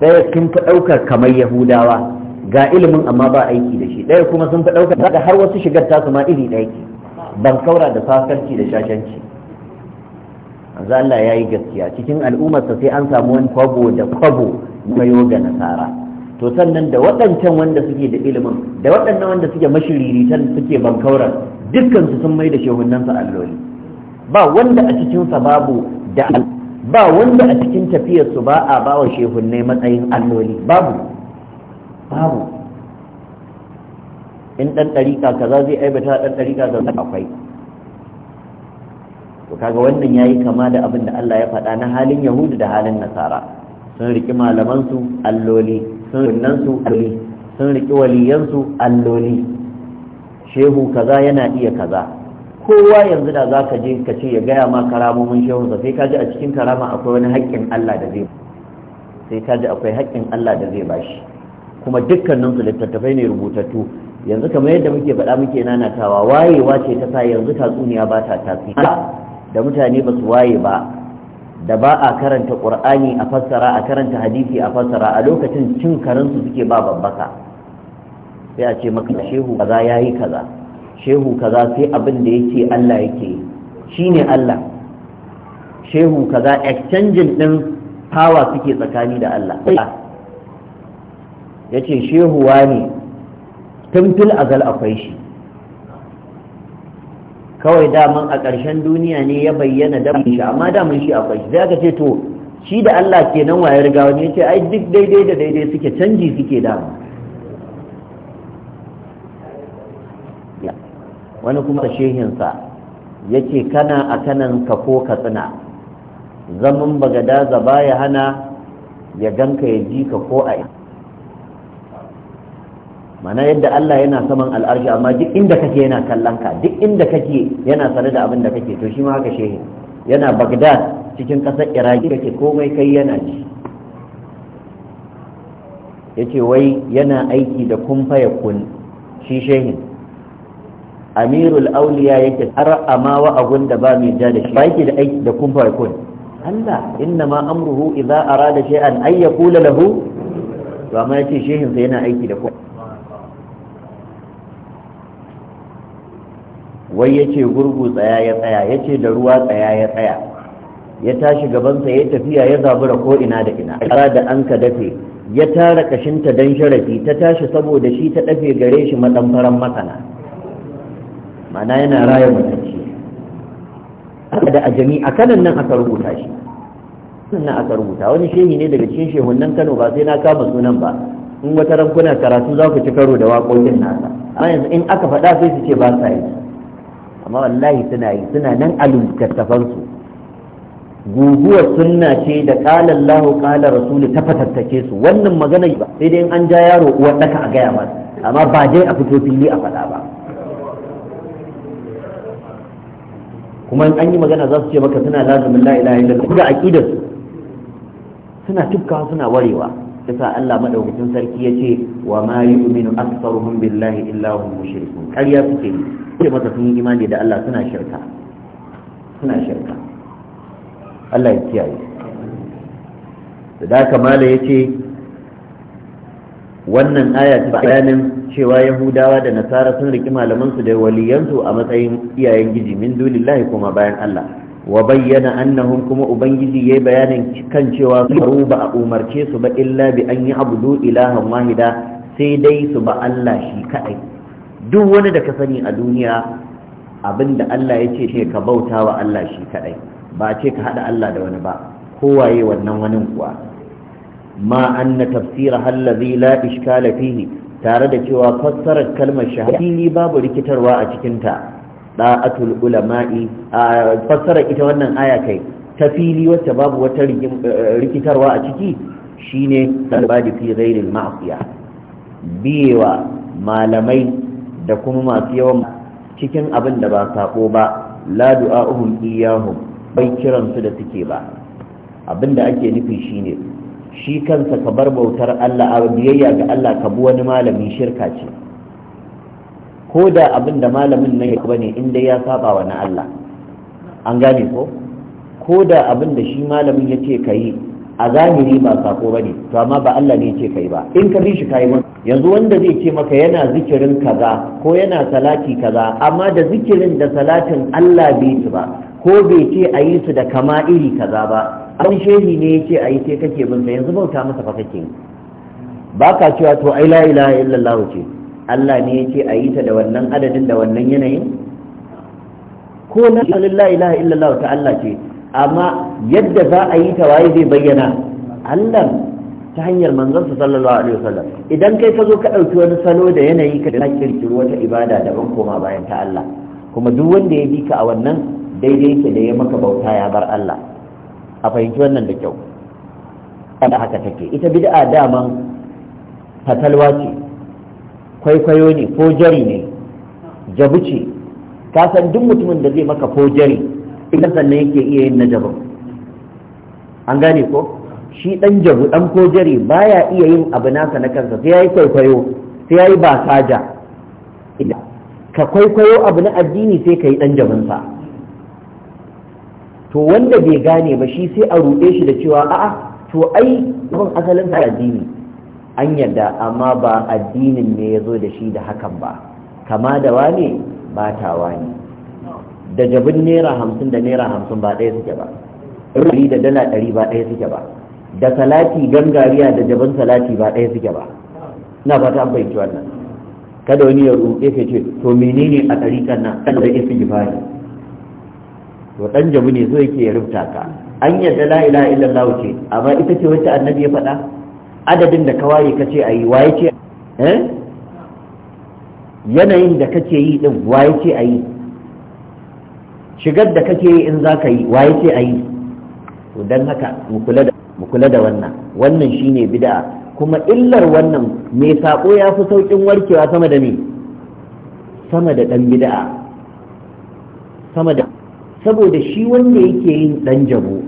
ɗaya sun fi ɗaukar kamar yahudawa ga ilimin amma ba aiki da shi ɗaya kuma sun fi ɗaukar da har wasu shigar tasu ma iri ɗaya ke ban kaura da sasanci da shashanci manzo Allah yi gaskiya cikin al'ummarsa sai an samu wani kwabo da kwabo na yoga nasara to sannan da waɗancan wanda suke da ilimin da waɗannan wanda suke mashiriritan suke bankauran dukkan su sun mai da shehunan su alloli ba wanda a cikin sa babu da ba wanda a cikin tafiyar su ba a bawa shehunnai matsayin alloli babu babu in ɗan ɗariƙa kaza zai aibata ɗan ɗariƙa kaza akwai to kaga wannan yayi kama da abin da Allah ya faɗa na halin Yahudu da halin Nasara sun riki malaman su alloli sun rinnan su alloli sun riki waliyan su alloli shehu kaza yana iya kaza kowa yanzu da zaka je ka ce ya gaya ma karamomin shehu sa sai kaji a cikin karama akwai wani haƙƙin Allah da zai sai kaji akwai haƙƙin Allah da zai bashi kuma dukkanin su littattafai ne rubutattu yanzu kamar yadda muke faɗa muke nanatawa wayewa ce ta sa yanzu tatsuniya ba ta tasiri da mutane ba su waye ba da ba a karanta ƙur'ani a fassara a karanta hadisi a fassara a lokacin cin karinsu suke ba babbaka sai a ce maka shehu kaza ya yi kaza shehu kaza sai abin da yake allah yake shi ne allah shehu kaza exchanging ɗin power suke tsakani da allah ya ce shehuwa ne tumfil azal akwai shi kawai daman a ƙarshen duniya ne ya bayyana daman shi amma mun shi akwai shi sai ce to shi da Allah kenan wayar riga wani ya ce ai duk daidai da daidai suke canji suke dama wani kuma shehinsa ya ce kana a kanan ka ko ka tsina zaman bagada zaba ya hana ya ganka ya ji ka ko a mana yadda Allah yana saman al'arshi amma duk inda kake yana kallon ka duk inda kake yana sare da abin da kake to shi ma haka shehi yana Baghdad cikin ƙasar Iraki kake komai kai yana ji yace wai yana aiki da kumfaya kun shi shehin amirul auliya yake har amma wa abun da ba mai ja da shi ba yake da aiki da kun farkon Allah inna ma amruhu idza arada shay'an ay yaqula lahu to amma yace shehin sai yana aiki da kun wai yace gurgu tsaya ya tsaya yace da ruwa tsaya ya tsaya ya tashi gabansa ya tafiya ya zabura ko ina da ina ƙara da an ka dafe ya tara kashinta don sharafi ta tashi saboda shi ta dafe gare shi madamfaran masana mana yana raya mutunci aka da ajami a kanan nan aka rubuta shi nan aka rubuta wani shehi ne daga cikin shehunan kano ba sai na kama sunan ba in wata rankuna karatu za ku ci karo da waƙoƙin nasa amma yanzu in aka faɗa sai su ce ba sa yi amma wallahi suna yi suna nan a littattafansu guguwar sunna ce da kala Allah kala rasulu ta fatattake su wannan magana ba sai dai an ja yaro uwar daka a gaya masa amma ba dai a fito fili a faɗa ba kuma in an yi magana za su ce maka suna lazumin la ilaha illallah kuma aqidar su suna tukka suna warewa yasa Allah madaukakin sarki yace wa ma yu'minu aktsaruhum billahi illa hum mushrikun ƙarya suke yi ce masa sun imani da Allah suna shirka suna shirka Allah ya kiyaye da kamala ya ce wannan aya ta bayanin cewa yahudawa da nasara sun riki malamansu da waliyansu a matsayin iyayen giji min dunillahi kuma bayan Allah wa bayyana annahum kuma ubangiji yayi bayanin kan cewa su ba a umarce su ba illa bi an yi abudu ilahan wahida sai dai su ba Allah shi kadai duk wani da ka sani a duniya abinda Allah ya ce ka bauta wa Allah shi kadai ba ce ka hada Allah da wani ba kowaye wannan wani kuwa ma anna tafsira allazi la iskala fihi tare da cewa fassarar kalmar shahili babu rikitarwa a cikin ta da'atul ulama'i fassarar ita wannan aya kai ta fili wacce babu wata eh, rikitarwa a ciki shine dalbadi fi ghairil ma'siya biyewa malamai da kuma masu yawan cikin abin da ba saƙo ba la du'a'uhum iyahum bai kiran su da suke ba abin da ake nufi shine shi kansa ka bar bautar Allah a biyayya ga Allah ka bi wani malami shirka ce ko da abin da malamin nan ya bane inda ya saba wa na Allah an gane ko ko da abin da shi malamin ya ce ka yi a zahiri ba sako ba ne to amma ba Allah ne ce kai ba in ka bi shi kai mun yanzu wanda zai ce maka yana zikirin kaza ko yana salati kaza amma da zikirin da salatin Allah bai su ba ko bai ce a yi su da kama iri kaza ba an shehi ne ya ce a yi sai kake bin sa yanzu bauta masa fa kake ba ka cewa to ai la ilaha illallah ce Allah ne ya ce a yi ta da wannan adadin da wannan yanayin ko na la ilaha illallah ta Allah ce amma yadda za a yi tawaye zai bayyana Allah ta hanyar manzon sa sallallahu alaihi wasallam idan kai ka zo ka dauki wani salo da yanayi ka da kirkiro wata ibada daban koma bayan ta Allah kuma duk wanda ya bi ka a wannan daidai yake da ya maka bauta ya bar Allah a fahimci wannan da kyau da haka take ita bid'a daman fatalwa ce kwaikwayo ne ko jari ne jabu ce ka duk mutumin da zai maka ko ita sannan yake iya yin na an gane ko shi dan jabu dan kojari baya iya yin abu nasa na kansa sai yayi kwaikwayo sai yayi ba saja ka kwaikwayo abu na addini sai ka yi dan jabin sa to wanda bai gane ba shi sai a ruɗe shi da cewa a'a to ai ban asalin sa addini an yarda amma ba addinin ne ya zo da shi da hakan ba kama da wane ba ta wane da jabin naira hamsin da naira hamsin ba ɗaya suke ba ɗari da dala ɗari ba ɗaya suke ba da salati gangariya da jabin salati ba ɗaya suke ba na fata an fahimci wannan kada wani ya ruɗe ka ce to menene a ɗari kan nan kan da isi gifari to ɗan jabi ne zai ke ya rubuta ka an yadda la ilaha lawu ce amma ita ce wacce annabi ya faɗa adadin da ka ware ka ce a yi waye ce eh? yanayin da kake yi din waye ce a yi? shigar da kake yi in za ka yi waye ce a yi to don haka mu kula da wannan wannan shine bid'a kuma illar wannan mai sako ya fi saukin warkewa sama da me sama da dan bid'a sama da saboda shi wanda yake yin dan jabo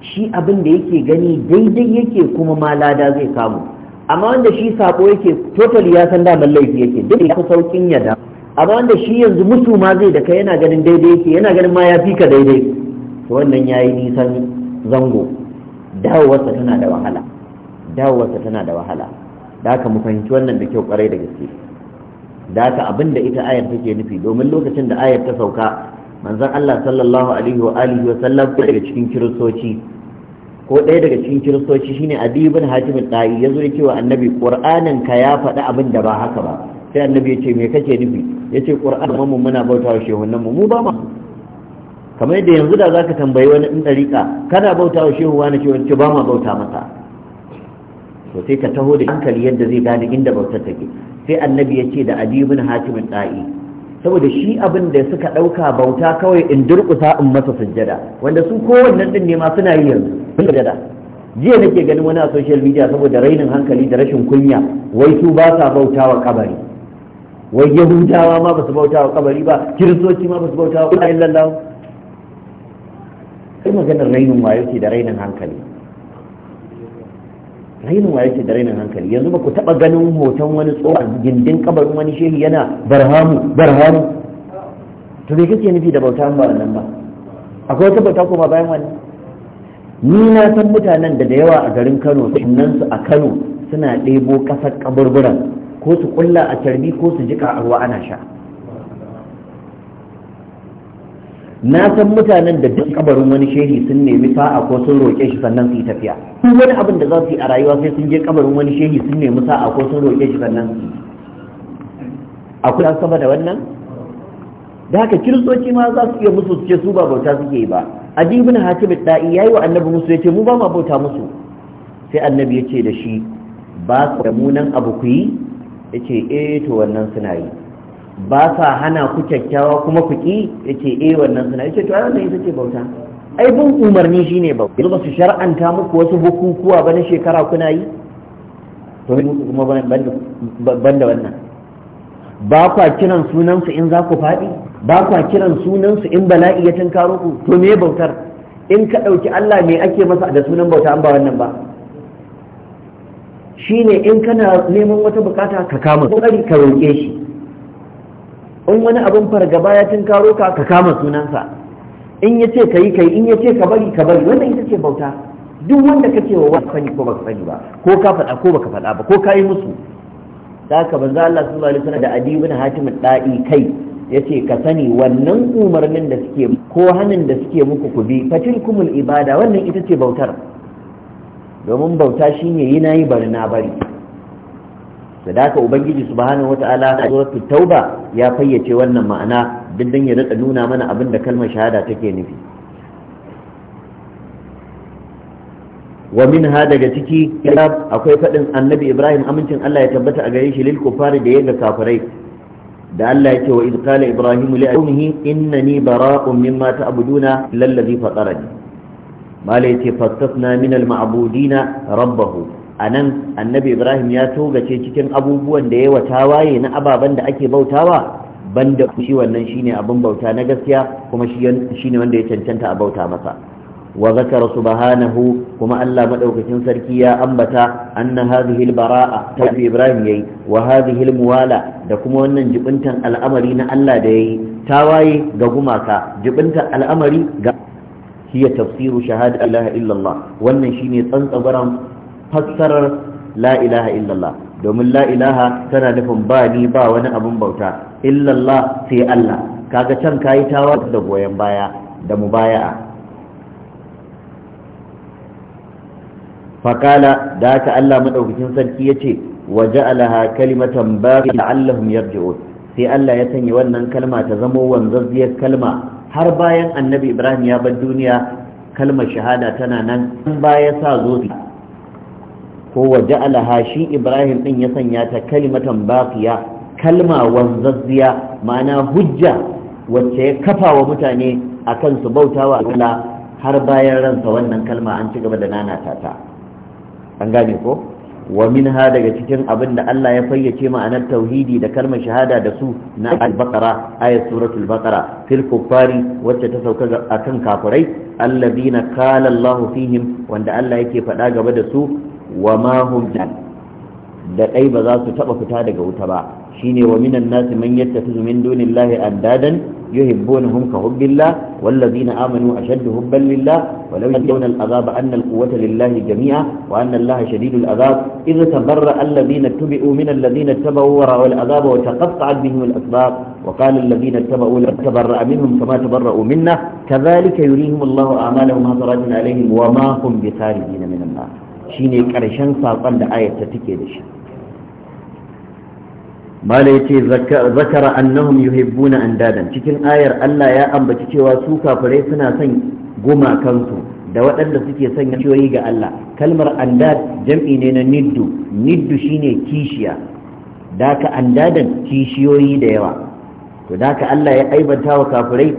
shi abin da yake gani daidai yake kuma ma lada zai samu amma wanda shi sako yake totally ya san da laifi yake duk ya fi saukin ya damu amma wanda shi yanzu musu ma zai da kai yana ganin daidai yake yana ganin ma ya fi ka daidai to wannan yayi nisan zango dawowarsa tana da wahala dawowarsa tana da wahala da haka mu fahimci wannan da kyau kwarai da gaske da ka abin da ita ayar take nufi domin lokacin da ayar ta sauka manzon Allah sallallahu alaihi wa alihi wa sallam daga cikin kiristoci ko ɗaya daga cikin kiristoci shine Adi ibn Hatim al-Da'i yazo ya ce wa Annabi Qur'anin ka ya faɗi abin da ba haka ba sai annabi ya ce me kake nufi ya ce ƙur'an mu muna bauta wa shehunan mu mu ba ma kamar yadda yanzu da zaka tambayi wani in ɗariƙa kana bauta wa shehu wani ce wani ba ma bauta masa to sai ka taho da hankali yadda zai gane inda bautar take sai annabi ya ce da adibin hatimin ɗa'i saboda shi abin da suka ɗauka bauta kawai in durƙusa in masa sujjada wanda su kowannen ɗin ne ma suna yi yanzu sujjada jiya nake ganin wani a social media saboda rainin hankali da rashin kunya wai su ba sa bauta wa kabari wai yahudawa ma ba su bauta wa kabari ba kiristoci ma ba su bauta wa kuma illallahu kai maganar rainin wayo ce da rainin hankali rainin wayo ce da rainin hankali yanzu ba ku taba ganin hoton wani tsohon gindin kabarin wani shehi yana barhamu barhamu to me kake nufi da bauta ba nan ba akwai wata bauta kuma bayan wani ni na san mutanen da da yawa a garin Kano sannan su a Kano suna ɗebo ƙasar kaburburan ko su kulla a tarbi ko su jika a ruwa ana sha na san mutanen da duk kabarin wani shehi sun nemi sa'a ko sun roƙe shi sannan su yi tafiya duk wani abin da za su yi a rayuwa sai sun je kabarin wani shehi sun nemi sa'a ko sun roƙe shi sannan su yi a kula saba da wannan da haka kiristoci ma za su iya musu su ce su ba bauta suke yi ba aji ibn hatim da'i yayi wa annabi musu ya ce mu ba ma bauta musu sai annabi ya ce da shi ba su da munan abu ku yi yace eh to wannan suna yi ba sa hana ku kyakkyawa kuma ku ki yace eh wannan suna yace to ai wannan ita ce bauta ai bin umarni shine ne yanzu ba su shar'anta muku wasu bukukuwa ba na shekara kuna yi to muku kuma da wannan ba kwa kiran sunansu in za ku faɗi ba kwa kiran sunansu in bala'i ya tunkaro ku to me bautar in ka ɗauki Allah me ake masa da sunan bauta an ba wannan ba Shi ne in kana neman wata bukata ka kama kokari ka roƙe shi in wani abin fargaba ya karo ka ka kama sunansa in ya ce ka yi kai in ya ce ka bari ka bari wannan ita ce bauta duk wanda ka ce wa wani sani ko baka sani ba ko ka faɗa ko baka faɗa ba ko ka yi musu da haka banza Allah su alaihi da Adi ibn ɗa'i kai kai ce ka sani wannan umarnin da suke ko hannun da suke muku ku bi fatilkumul ibada wannan ita ce bautar domin bauta shine yi yi bari na bari sadaka ubangiji subhanahu wata'ala a suratul tauba ya fayyace wannan ma'ana duk ya rika nuna mana abin da kalmar shahada take nufi wa min ha daga ciki akwai faɗin annabi ibrahim amincin Allah ya tabbata a gare shi lil kufari da yaga kafirai da Allah ya ce wa iz qala ibrahim li qaumihi innani bara'un mimma ta'buduna lallazi fatarani mala yace fastasna minal al-ma'budina rabbahu anan annabi ibrahim ya togace cikin abubuwan da wa tawaye na ababan da ake bautawa banda shi wannan shine abin bauta na gaskiya kuma shine wanda ya cancanta a bauta masa wa zakara subhanahu kuma Allah madaukakin sarki ya ambata anna hadhihi al-bara'a ta ibrahim yayi wa hadhihi muwala da kuma wannan jibintan al'amari na Allah da yayi tawaye ga gumaka jibintan al'amari ga Jiya tafsiru shahada ilaha illallah wannan shine tsantsabaran fassarar lailaha ilaha illallah domin lailaha tana nufin ba ni ba wani abin bauta illallah sai Allah kaga can kayi tawa da goyon baya da mubaya'a faƙala da haka Allah maɗaukakin sarki ya ce waje wa ja'alaha da baqi la'allahum yarji'un sai Allah ya sanya wannan kalma ta zamo wanzazziyar kalma har bayan annabi ibrahim ya bar duniya kalmar shahada tana nan baya sa zofi ko waje alaha shi ibrahim din ya sanya ta kalimatan baqiya kalma wanzazziya ma'ana hujja wacce ya kafa wa mutane akan su bautawa Allah har bayan ransa wannan kalma an ci gaba da nanata ta an gane ko wa minha daga cikin abin da Allah ya fayyace ma'anar tauhidi da kalmar shahada da su na al-baqara ayat suratul baqara fil kuffari wacce ta sauka akan kafirai alladhina qala Allah fihim wanda Allah yake faɗa gaba da su wa ma hum da kai ba za su taba fita daga wuta ba shine wa minan nasi man yattakhidhu min dunillahi andadan yuhibbunahum ka hubbillah wallazina amanu ashaddu hubban lillah walau al azaba an al-quwwata lillahi jami'a wa anna allaha shadidul azab idh tabarra alladhina tubi'u min alladhina tabawu wa ra'u al'azaba wa taqatta'at bihim al-asbab wa qala alladhina tabawu la tabarra minhum kama tabarra'u minna kadhalika yurihim allahu a'malahum hasaratin alayhim wa ma hum kharijin min an-nar shine karshen sakon da ayat ta take da shi mala yace zakara annahum yuhibbuna andadan cikin ayar Allah ya ambaci cewa su kafirai suna son gumakansu da waɗanda suke son ciyoyi ga Allah kalmar andad jam'i ne na niddu niddu shine kishiya daka andadan kishiyoyi da yawa to daka Allah ya aibanta wa kafirai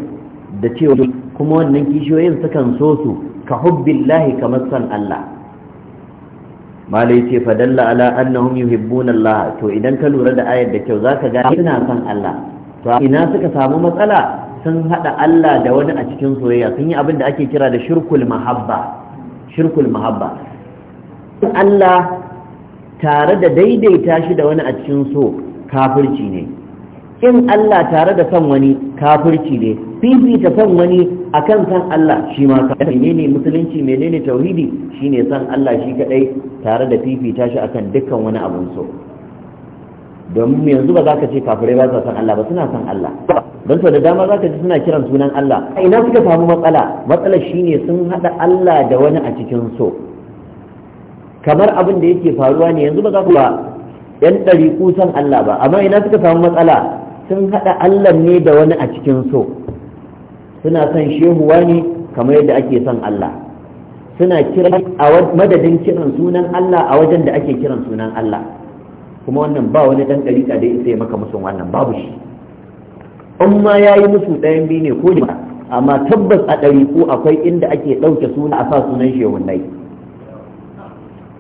da cewa kuma wannan kishiyoyin sukan so su ka hubbillahi kamar son Allah malai ce fa dalla ala annahum yuhibbuna Allah to idan ka lura da ayar da kyau zaka ga suna son Allah to ina suka samu matsala sun hada Allah da wani a cikin soyayya sun yi abin da ake kira da shirkul mahabba shirkul mahabba Allah tare da daidaita shi da wani a cikin so kafirci ne in Allah tare da son wani kafirci ne fifita son wani akan san Allah shi ma ka menene musulunci menene tauhidi shine san Allah shi kadai tare da fifita shi akan dukkan wani abun so domin yanzu ba za ka ce kafirai ba sa san Allah ba suna san Allah don to da dama za ka ji suna kiran sunan Allah a ina suka samu matsala matsalar shine sun hada Allah da wani a cikin so kamar abin da yake faruwa ne yanzu ba za ku ba yan ɗariƙu san Allah ba amma ina suka samu matsala sun haɗa Allah ne da wani a cikin so suna son shehuwa ne kamar yadda ake son Allah suna kira a madadin kiran sunan Allah a wajen da ake kiran sunan Allah kuma wannan ba wani dan ɗariƙa da isa ya maka musu wannan babu shi in ma ya yi musu ɗayan biyu ne ko ba amma tabbas a ɗari ko akwai inda ake ɗauke suna a sa sunan shehunai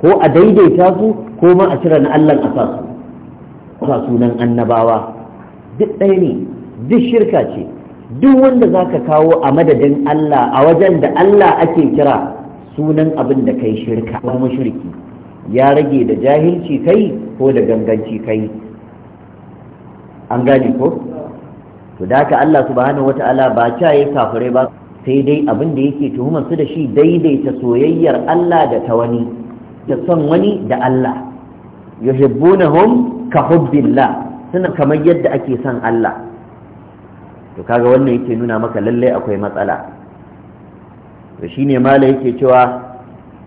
ko a daidaita su ko ma a cire na Allah a sa su sa sunan annabawa duk ɗaya ne duk shirka ce duk wanda za ka kawo a madadin Allah a wajen da Allah ake kira sunan abin da kai shirka ko mushriki ya rage da jahilci kai ko da ganganci kai an gane ko to da ka Allah subhanahu wata'ala ba ca ya kafirai ba sai dai abin da yake tuhumar su da shi daidaita soyayyar Allah da ta wani da son wani da Allah yuhibbunahum ka hubbillah suna kamar yadda ake son Allah to kaga wannan yake nuna maka lallai akwai matsala to shine mala yake cewa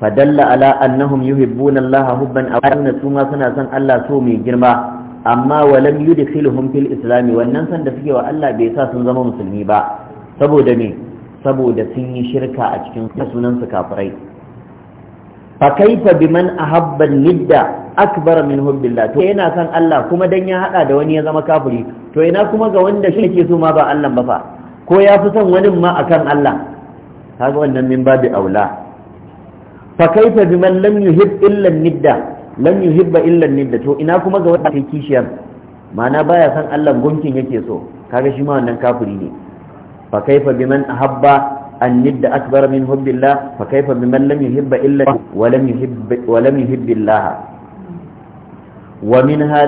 fadalla ala annahum yuhibbuna Allah hubban abuna suma suna son Allah so mai girma amma walam yudkhiluhum fil islam wannan san da suke wa Allah bai sa sun zama musulmi ba saboda me saboda sun yi shirka a cikin sunan su kafirai fa kaifa biman ahabba nidda akbar min hubbillah to yana san Allah kuma dan ya hada da wani ya zama kafiri to ina kuma ga wanda shi ke so ma ba Allah ba fa ko ya fi son wani ma akan Allah kaga wannan min babi aula fa kaifa biman lam yuhib illa nidda lam yuhibba illa nidda to ina kuma ga wanda ke kishiyar ma'ana baya san Allah gunkin yake so kaga shi ma wannan kafiri ne fa kaifa biman ahabba الند أكبر من حب الله فكيف بمن لم يحب إلا ولم يحب ولم يحب الله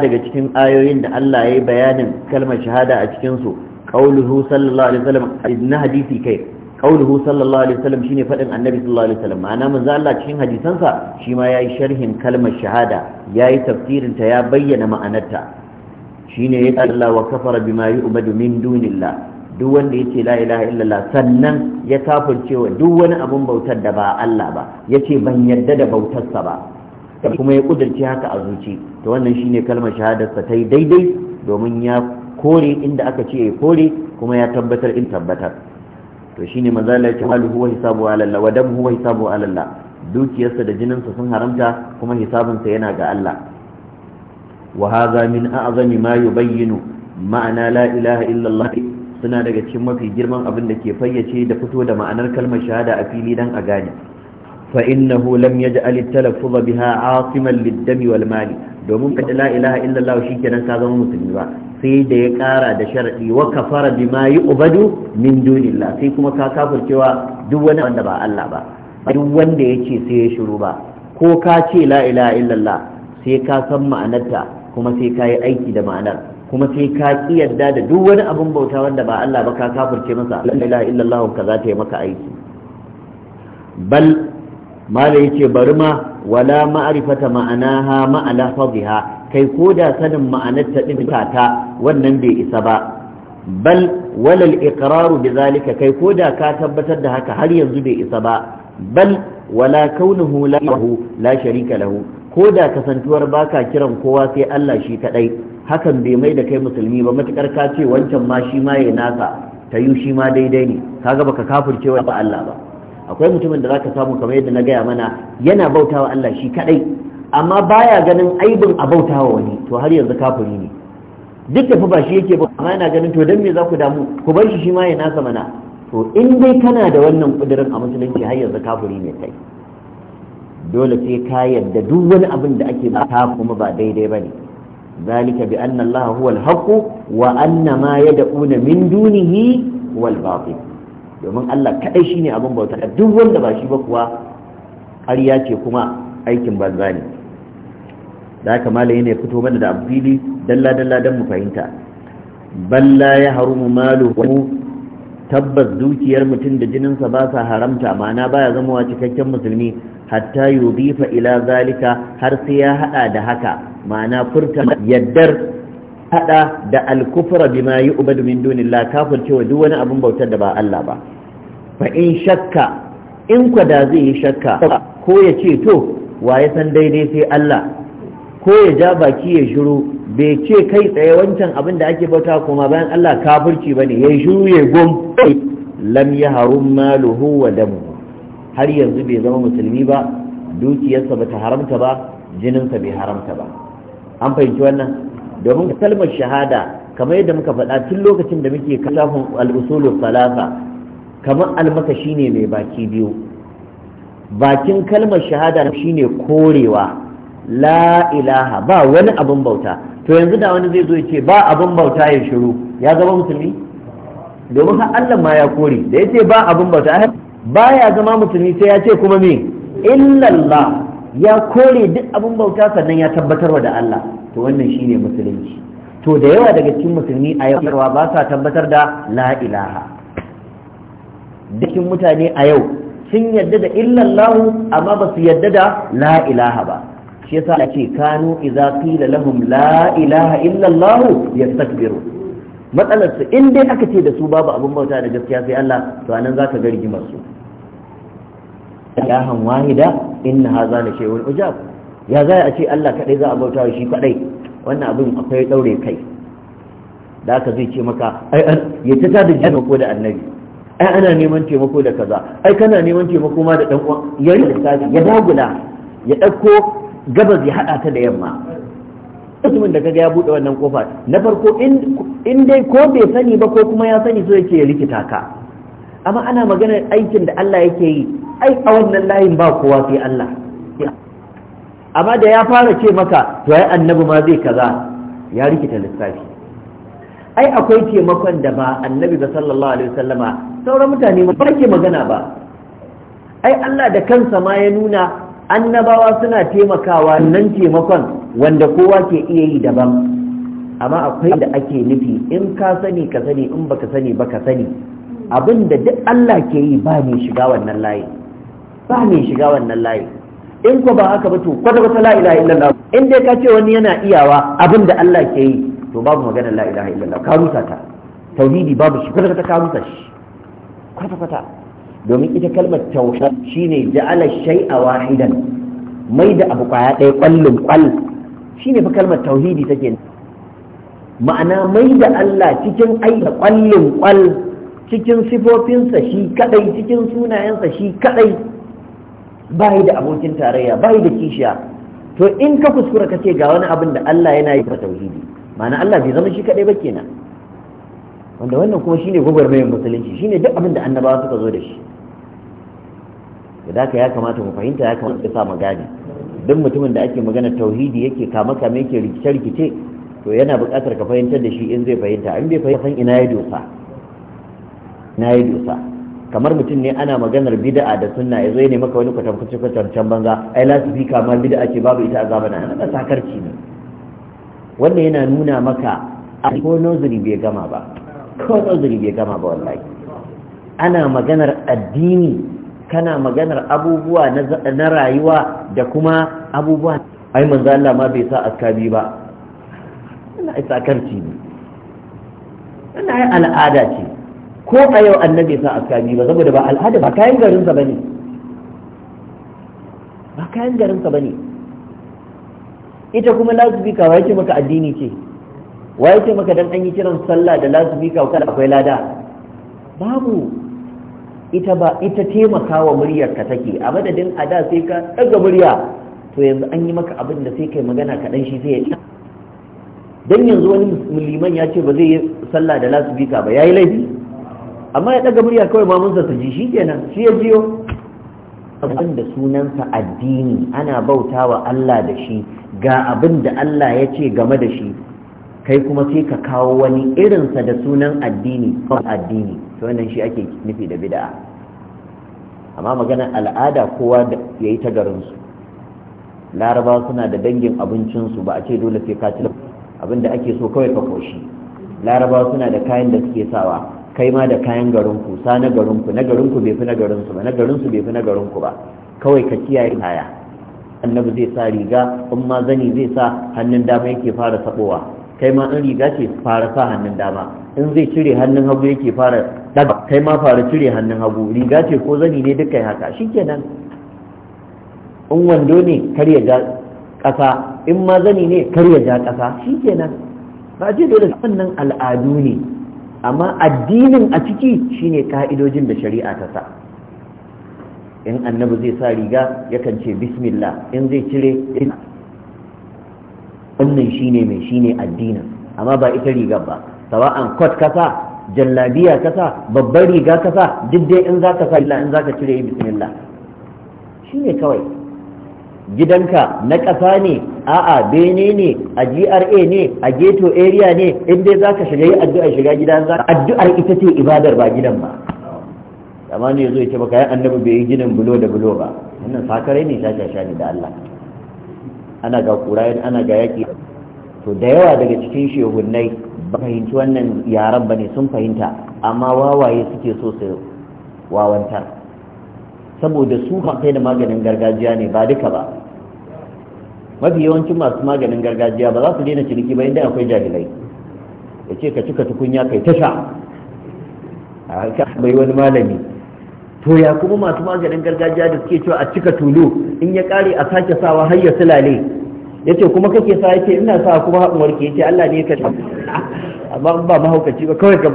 daga cikin ayoyin da Allah yayi bayanin kalmar shahada a cikin su qauluhu sallallahu alaihi wasallam kai qauluhu sallallahu annabi sallallahu ma'ana manzo cikin hadisansa shi ma yayi sharhin kalmar shahada yayi tafsirin ta ya bayyana ma'anarta shine ya Allah wa kafara bima yu'badu min dunillah duk wanda ya ce la illallah sannan ya cewa duk wani abun bautar da ba Allah ba ya ce ban yadda da bautarsa ba kuma ya kudurci haka a zuci to wannan shine kalmar shahadarsa ta yi daidai domin ya kore inda aka ce ya kore kuma ya tabbatar in tabbatar to shi ne maza ya halu huwa hisabu ala Allah huwa hisabu ala dukiyarsa da jininsa sun haramta kuma hisabinsa yana ga Allah wa hadha min a'zami ma yubayyinu ma'ana la ilaha illallah suna daga cikin mafi girman abin da ke fayyace da fito da ma'anar kalmar shahada a fili dan a gane fa innahu lam yaj'al at-talaffuz biha 'asiman lid-dami wal mali domin kada la ilaha illallah shikenan ka zama musulmi ba sai da ya kara da sharadi wa kafara bima yu'badu min dunillah sai kuma ka kafircewa duk wani wanda ba Allah ba duk wanda yake sai ya shiru ba ko ka ce la ilaha illallah sai ka san ma'anarta kuma sai ka yi aiki da ma'anar kuma sai ka ki yadda da duk wani abin bauta wanda ba Allah ba ka kafirce masa la ilaha illallah kaza ta yi maka aiki bal mala yace bari ma wala ma'rifata ma'anaha ma'ala fadhiha kai ko da sanin ma'anar ta din ta wannan bai isa ba bal walal iqraru bizalika kai ko da ka tabbatar da haka har yanzu bai isa ba bal wala kaunuhu lahu la sharika lahu ko da kasantuwar baka kiran kowa sai Allah shi kadai hakan bai mai da kai musulmi ba matukar ka ce wancan ma shi ma yayi nasa ta yi shi ma daidai ne kaga baka kafirce wa Allah ba akwai mutumin da zaka samu kamar yadda na gaya mana yana bautawa Allah shi kadai amma baya ganin aibin a bautawa wani to har yanzu kafiri ne duk da fa ba shi yake ba amma yana ganin to dan me za ku damu ku bar shi shi ma ya nasa mana to in dai kana da wannan kudirin a musulunci har yanzu kafuri ne kai dole sai ka yadda duk wani abin da ake ba kuma ba daidai ba ne zalika bi anna Allah huwa al-haqq wa anna ma yad'una min dunihi huwa al-batil domin Allah kadai shine abin bauta duk wanda ba shi ba kuwa ƙarya ce kuma aikin banza ne da haka malai ne fito mana da abdili dalla dalla dan mu fahimta balla ya harumu maluhu tabbas dukiyar mutum da jininsa ba sa haramta ma'ana baya zamowa cikakken musulmi hatta yudifa ila zalika har sai ya hada da haka ma'ana furta yaddar hada da alkufra bima yu'badu min dunillah cewa duk wani abin bautar da ba Allah ba fa in shakka in kwa zai yi shakka ko ya ce to wa ya san daidai sai Allah ko ya ja baki ya shiru bai ce kai tsaye wancan abin da ake bauta kuma bayan Allah kafirci bane ya juye gum lam harum maluhu wa damu har yanzu bai zama musulmi ba dukiyarsa bata haramta ba jininsa bai haramta ba an fahimci wannan domin kalmar shahada kamar yadda muka faɗa tun lokacin da muke kasafin usulu salasa kamar almaka ne mai baki biyu bakin kalmar shahada shine korewa la ilaha ba wani abin bauta to yanzu da wani zai zo ya ce ba abin bauta ya shiru ya zama musulmi domin har Allah ma ya kore da ya ce ba abin bauta ba ya zama musulmi sai ya ce kuma me illallah ya kore duk abin bauta sannan ya tabbatarwa da Allah to wannan shine musulunci to da yawa daga cikin musulmi a yau ba sa tabbatar da la ilaha dukkan mutane a yau sun yadda da illallahu amma ba su yadda da la ilaha ba shi yasa a ce kanu idza qila lahum la ilaha illa allah yastakbiru matsalar su in dai aka ce da su babu abun bauta da gaskiya sai Allah to anan zaka ga rigimar su ilahan wahida inna hadha la shay'un ujab ya za a ce Allah kadai za a bauta shi kadai wannan abin akwai daure kai da aka zai ce maka ai ya ta da jama'a da annabi ai ana neman taimako da kaza ai kana neman taimako ma da dan uwan ya rika ya dagula ya dauko gabas ya haɗa ta da yamma mutumin da kaga ya buɗe wannan kofa na farko in dai ko bai sani ba ko kuma ya sani so yake ya rikita ka amma ana maganar aikin da Allah yake yi ai a wannan layin ba kowa sai Allah amma da ya fara ce maka to ai annabi ma zai kaza ya rikita lissafi ai akwai taimakon da ba annabi ba sallallahu alaihi wasallama sauran mutane ba ke magana ba ai Allah da kansa ma ya nuna annabawa suna taimakawa nan taimakon wanda kowa ke iya yi daban amma akwai da ake nufi in ka sani ka sani in baka sani baka sani Abinda duk Allah ke yi ba mai shiga wannan layi ba mai shiga wannan layi in ko ba haka ba to kwata kwata la ilaha illallah in dai ka ce wani yana iyawa abinda Allah ke yi to babu magana la ilaha illallah ka rusa ta tauhidi babu shi kwata kwata ka rusa shi kwata kwata domin ita kalmar tauhid shine ja'ala shay'a wahidan mai da abu kwaya ɗaya kwallon kwal shine fa kalmar tauhidi take ma'ana mai da Allah cikin da kwallon ƙwal, cikin sifofinsa shi kadai cikin sunayensa shi kadai bai da abokin tarayya bai da kishiya to in ka kuskura ka ce ga wani abin da Allah yana yi fa tauhidi ma'ana Allah bai zama shi kadai ba kenan wanda wannan kuma shine mai musulunci shine duk abin da annabawa suka zo da shi da ya kamata mu fahimta ya kamata sa mu gane duk mutumin da ake magana tauhidi yake kama kama yake rikice rikice to yana buƙatar ka fahimtar da shi in zai fahimta in bai fahimta san ina ya dosa ina ya dosa kamar mutum ne ana maganar bid'a da sunna ya zo ne maka wani kwatan kuce kwatan can banza ai lasifi kama bid'a ce babu ita a zamanin na sakarci ne wannan yana nuna maka a ko nozuri bai gama ba kawai uzuri bai gama ba wallahi ana maganar addini kana maganar abubuwa na rayuwa da kuma abubuwa ai manzo Allah ma bai sa askabi ba ina isa karci ne ina ai al'ada ce ko a yau annabi sa askabi ba saboda ba al'ada ba kayan garinsa bane ba kayan garinsa bane ita kuma lazubi kawai ce maka addini ce wa yake maka dan an yi kiran sallah da ka kada akwai lada babu ita ba ita wa muryar ka take a madadin a da sai ka daga murya to yanzu an yi maka abin da sai kai magana dan shi sai ya dan yanzu wani musulman ya ce ba zai yi sallah da ka ba yayi laifi amma ya daga murya kawai mamunsa su ji shi kenan shi ya jiyo abin da sunansa addini ana bautawa Allah da shi ga abin da Allah ya ce game da shi kai kuma sai ka kawo wani irinsa da sunan addini ko addini to wannan shi ake nufi da bid'a amma maganar al'ada kowa da yayi ta garinsu laraba suna da dangin abincinsu ba a ce dole sai ka ci abinda ake so kawai ka koshi laraba suna da kayan da suke sawa kai ma da kayan garinku sa na garinku na garinku bai fi na garinsu ba na garinsu bai fi na garinku ba kawai ka kiyaye kaya annabi zai sa riga in ma zani zai sa hannun dama yake fara sabowa kai ma in riga ce fara sa hannun dama in zai cire hannun hagu yake fara daga kai ma fara cire hannun hagu riga ce ko zani ne duka haka shikenan in wando ne kar ya ja ƙasa in ma zani ne kar ya ja ƙasa shikenan ba ce dole nan al'adu ne amma addinin a ciki shine ka'idojin da shari'a ta sa in annabi zai sa riga yakan ce bismillah in zai cire wannan shine mai shine addinin amma ba ita rigar ba sawa'an kot kasa jallabiya kasa babbar riga kasa duk dai in zaka sa illa in zaka cire yi bismillah shine kawai gidanka na kasa ne a'a bene ne a GRA ne a ghetto area ne in dai zaka shiga yi addu'a shiga gidan za addu'ar ita ce ibadar ba gidan ba amma ne yazo ya ce baka yi annabi bai yi gidan bulo da bulo ba wannan sakarai ne shashasha ne da Allah ana ga kura ana ga yaƙi to da yawa daga cikin shehunnai ba fahimci wannan yaren ba ne sun fahimta amma wawaye suke so su wawantar saboda su kai da maganin gargajiya ne ba duka ba mafi yawancin masu maganin gargajiya ba za su daina ciniki ba inda akwai jahilai ya ce ka cika tukunya kai tasha a bai wani malami to ya kuma masu maganin gargajiya da suke cewa a cika tulu in ya kare a sake sawa har ya sulale ce kuma kake sa yake ina sa kuma haɗin warke ce Allah ne ka amma ba mahaukaci ba kawai ka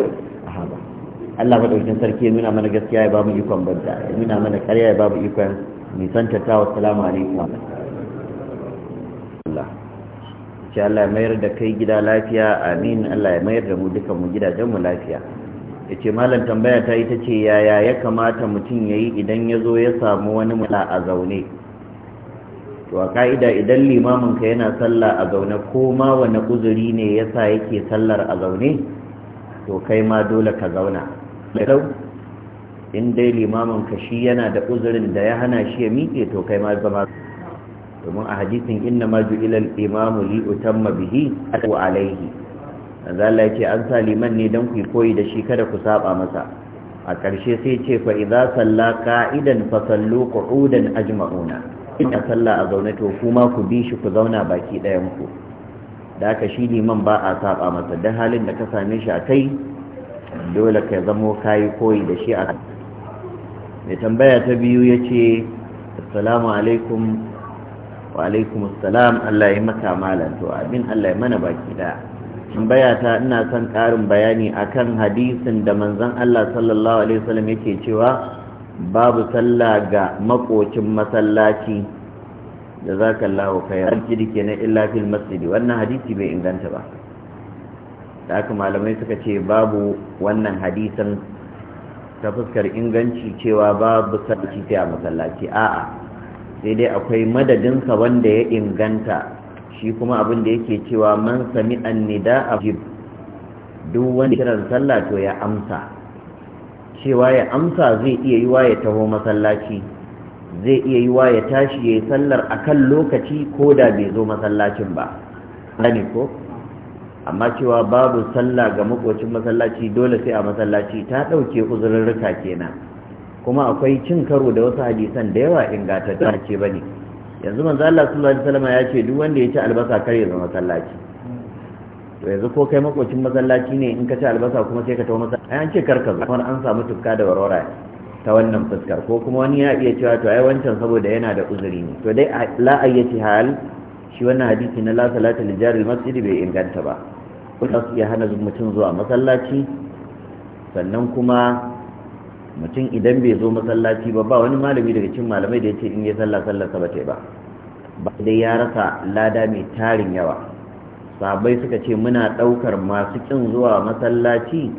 Allah ɗaukin sarki ya nuna mana gaskiya ya ba mu ikon banta ya nuna mana ƙarya ya ba mu ikon nisanta ta wa salamu alaikum Allah Allah ya mayar da kai gida lafiya amin Allah ya mayar da mu dukan mu gidajen mu lafiya ya ce malam tambaya ta ita ce yaya ya kamata mutum ya yi idan ya zo ya samu wani mula a zaune to a ka'ida idan limaminka yana sallah a zaune ko ma wani uzuri ne ya sa yake sallar a zaune to kai ma dole ka zauna in dai limaminka shi yana da uzurin da ya hana shi ya miƙe to kai ma zama domin a hadisin inna ma ju'ilal imamu li utamma bihi wa alaihi Allah ce an sa liman ne don ku koyi da shi kada ku saba masa a ƙarshe sai ce fa idza salla qa'idan fa sallu qu'udan ajma'una ka salla a zaune to kuma ku bi shi ku zauna baki ɗayan ku da aka shi liman ba a saba masa da halin da ka same shi a kai dole ka zamo kayi koyi da shi a mai tambaya ta biyu ya ce assalamu alaikum wa alaikum assalam Allah ya maka malam to abin Allah ya mana baki ɗaya. tambaya ta ina son ƙarin bayani akan hadisin da manzon Allah sallallahu alaihi wasallam yake cewa babu sallah ga makocin masallaci da jazakallahu khairan kidi kenan illa fil masjid wannan hadisi bai inganta ba da haka malamai suka ce babu wannan hadisin ta fuskar inganci cewa babu sarki sai a masallaci a'a sai dai akwai madadinsa wanda ya inganta shi kuma abin da yake cewa man sami annida a jib duk wani kiran sallah to ya amsa cewa ya amsa zai iya wa ya taho masallaci zai iya yiwa ya tashi ya yi sallar a kan lokaci ko da bai zo masallacin ba gane ko amma cewa babu sallah ga makocin masallaci dole sai a masallaci ta ɗauke rika kenan kuma akwai cin karo da wasu hadisan da yawa ingantattu ce ba ne yanzu manzo Allah sallallahu alaihi wasallam ya ce duk wanda ya ci albasa kar ya zama masallaci to yanzu ko kai makocin masallaci ne in ka ci albasa kuma sai ka tawo masallaci ai an ce kar ka an samu tukka da warwara ta wannan fuskar ko kuma wani ya iya cewa to ai wancan saboda yana da uzuri ne to dai la ayyati hal shi wannan hadisi na la salata li jari masjid bai inganta ba kuma su hana mutum zuwa masallaci sannan kuma mutum idan bai zo masallaci ba ba wani malami daga cikin malamai da ya ce in ya sallah sallar sa ba ba ba dai ya rasa lada mai tarin yawa sabai suka ce muna ɗaukar masu kin zuwa masallaci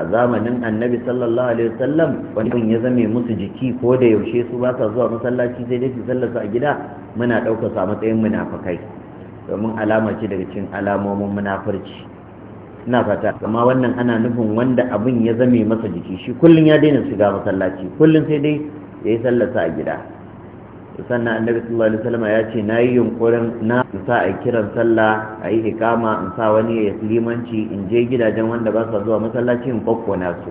a zamanin annabi sallallahu alaihi wasallam wani ya zame musu jiki ko da yaushe su ba sa zuwa masallaci sai dai su a gida muna ɗaukar sa matsayin munafakai domin alama ce daga cikin alamomin munafurci ina fata amma wannan ana nufin wanda abin ya zame masa jiki shi kullum ya daina shiga masallaci kullum sai dai ya yi sallarsa a gida sannan annabi sallallahu alaihi wasallam ya ce na yi yunkurin na sa a kiran sallah a yi ikama in sa wani ya limanci in je gidajen wanda ba sa zuwa masallaci in na su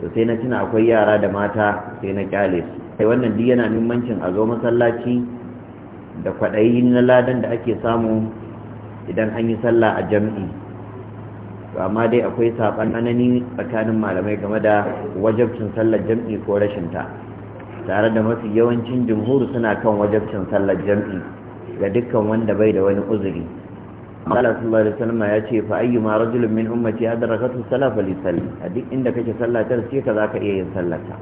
to sai na tuna akwai yara da mata sai na kyale su sai wannan duk yana muhimmancin a zo masallaci da kwaɗayi na ladan da ake samu idan an yi sallah a jam'i amma dai akwai saban anani tsakanin malamai game da wajabcin sallar jam'i ko rashinta tare da mafi yawancin jumhur suna kan wajabcin sallar jam'i ga dukkan wanda bai da wani uzuri Allah sallallahu alaihi wasallam ya ce fa ayyuma rajulun min ummati adrakatu salafa li salli a duk inda kake sallatar sai ka zaka iya yin sallata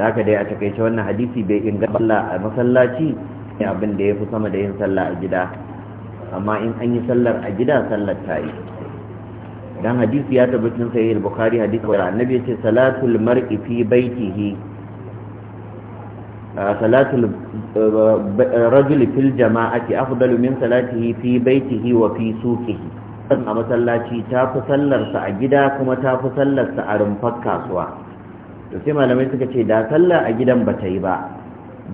da haka dai a takaice wannan hadisi bai inganta sallah a masallaci ne abin da ya fi sama da yin sallah a gida amma in an yi sallar a gida sallar ta yi dan hadisi ya tabbatin sahih bukhari hadisi wa annabi ce salatul mar'i fi baitihi salatul rajul fil jama'ati afdalu min salatihi fi baitihi wa fi suqihi a masallaci ta fi sallarsa a gida kuma ta fi sallarsa a rumfar kasuwa to sai malamai suka ce da sallah a gidan ta yi ba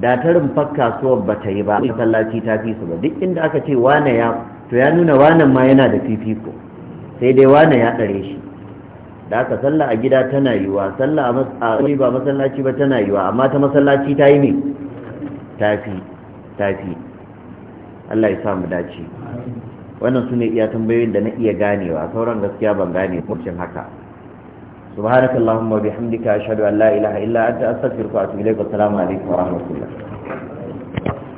da ta rumfar kasuwar ta yi ba masallaci ta fi su ba duk inda aka ce wane ya to ya nuna wannan ma yana da fifiko sai dai wane ya tsare shi da aka sallah a gida tana wa sallah a wuri ba masallaci ba tana yi wa amma ta masallaci ta yi ne tafi tafi Allah ya samu dace wannan su ne iya tambayoyin da na iya ganewa sauran gaskiya ban gane kurcin haka subhanakallahumma bihamdika ashhadu an la ilaha illa anta astaghfiruka wa atubu ilaik assalamu wa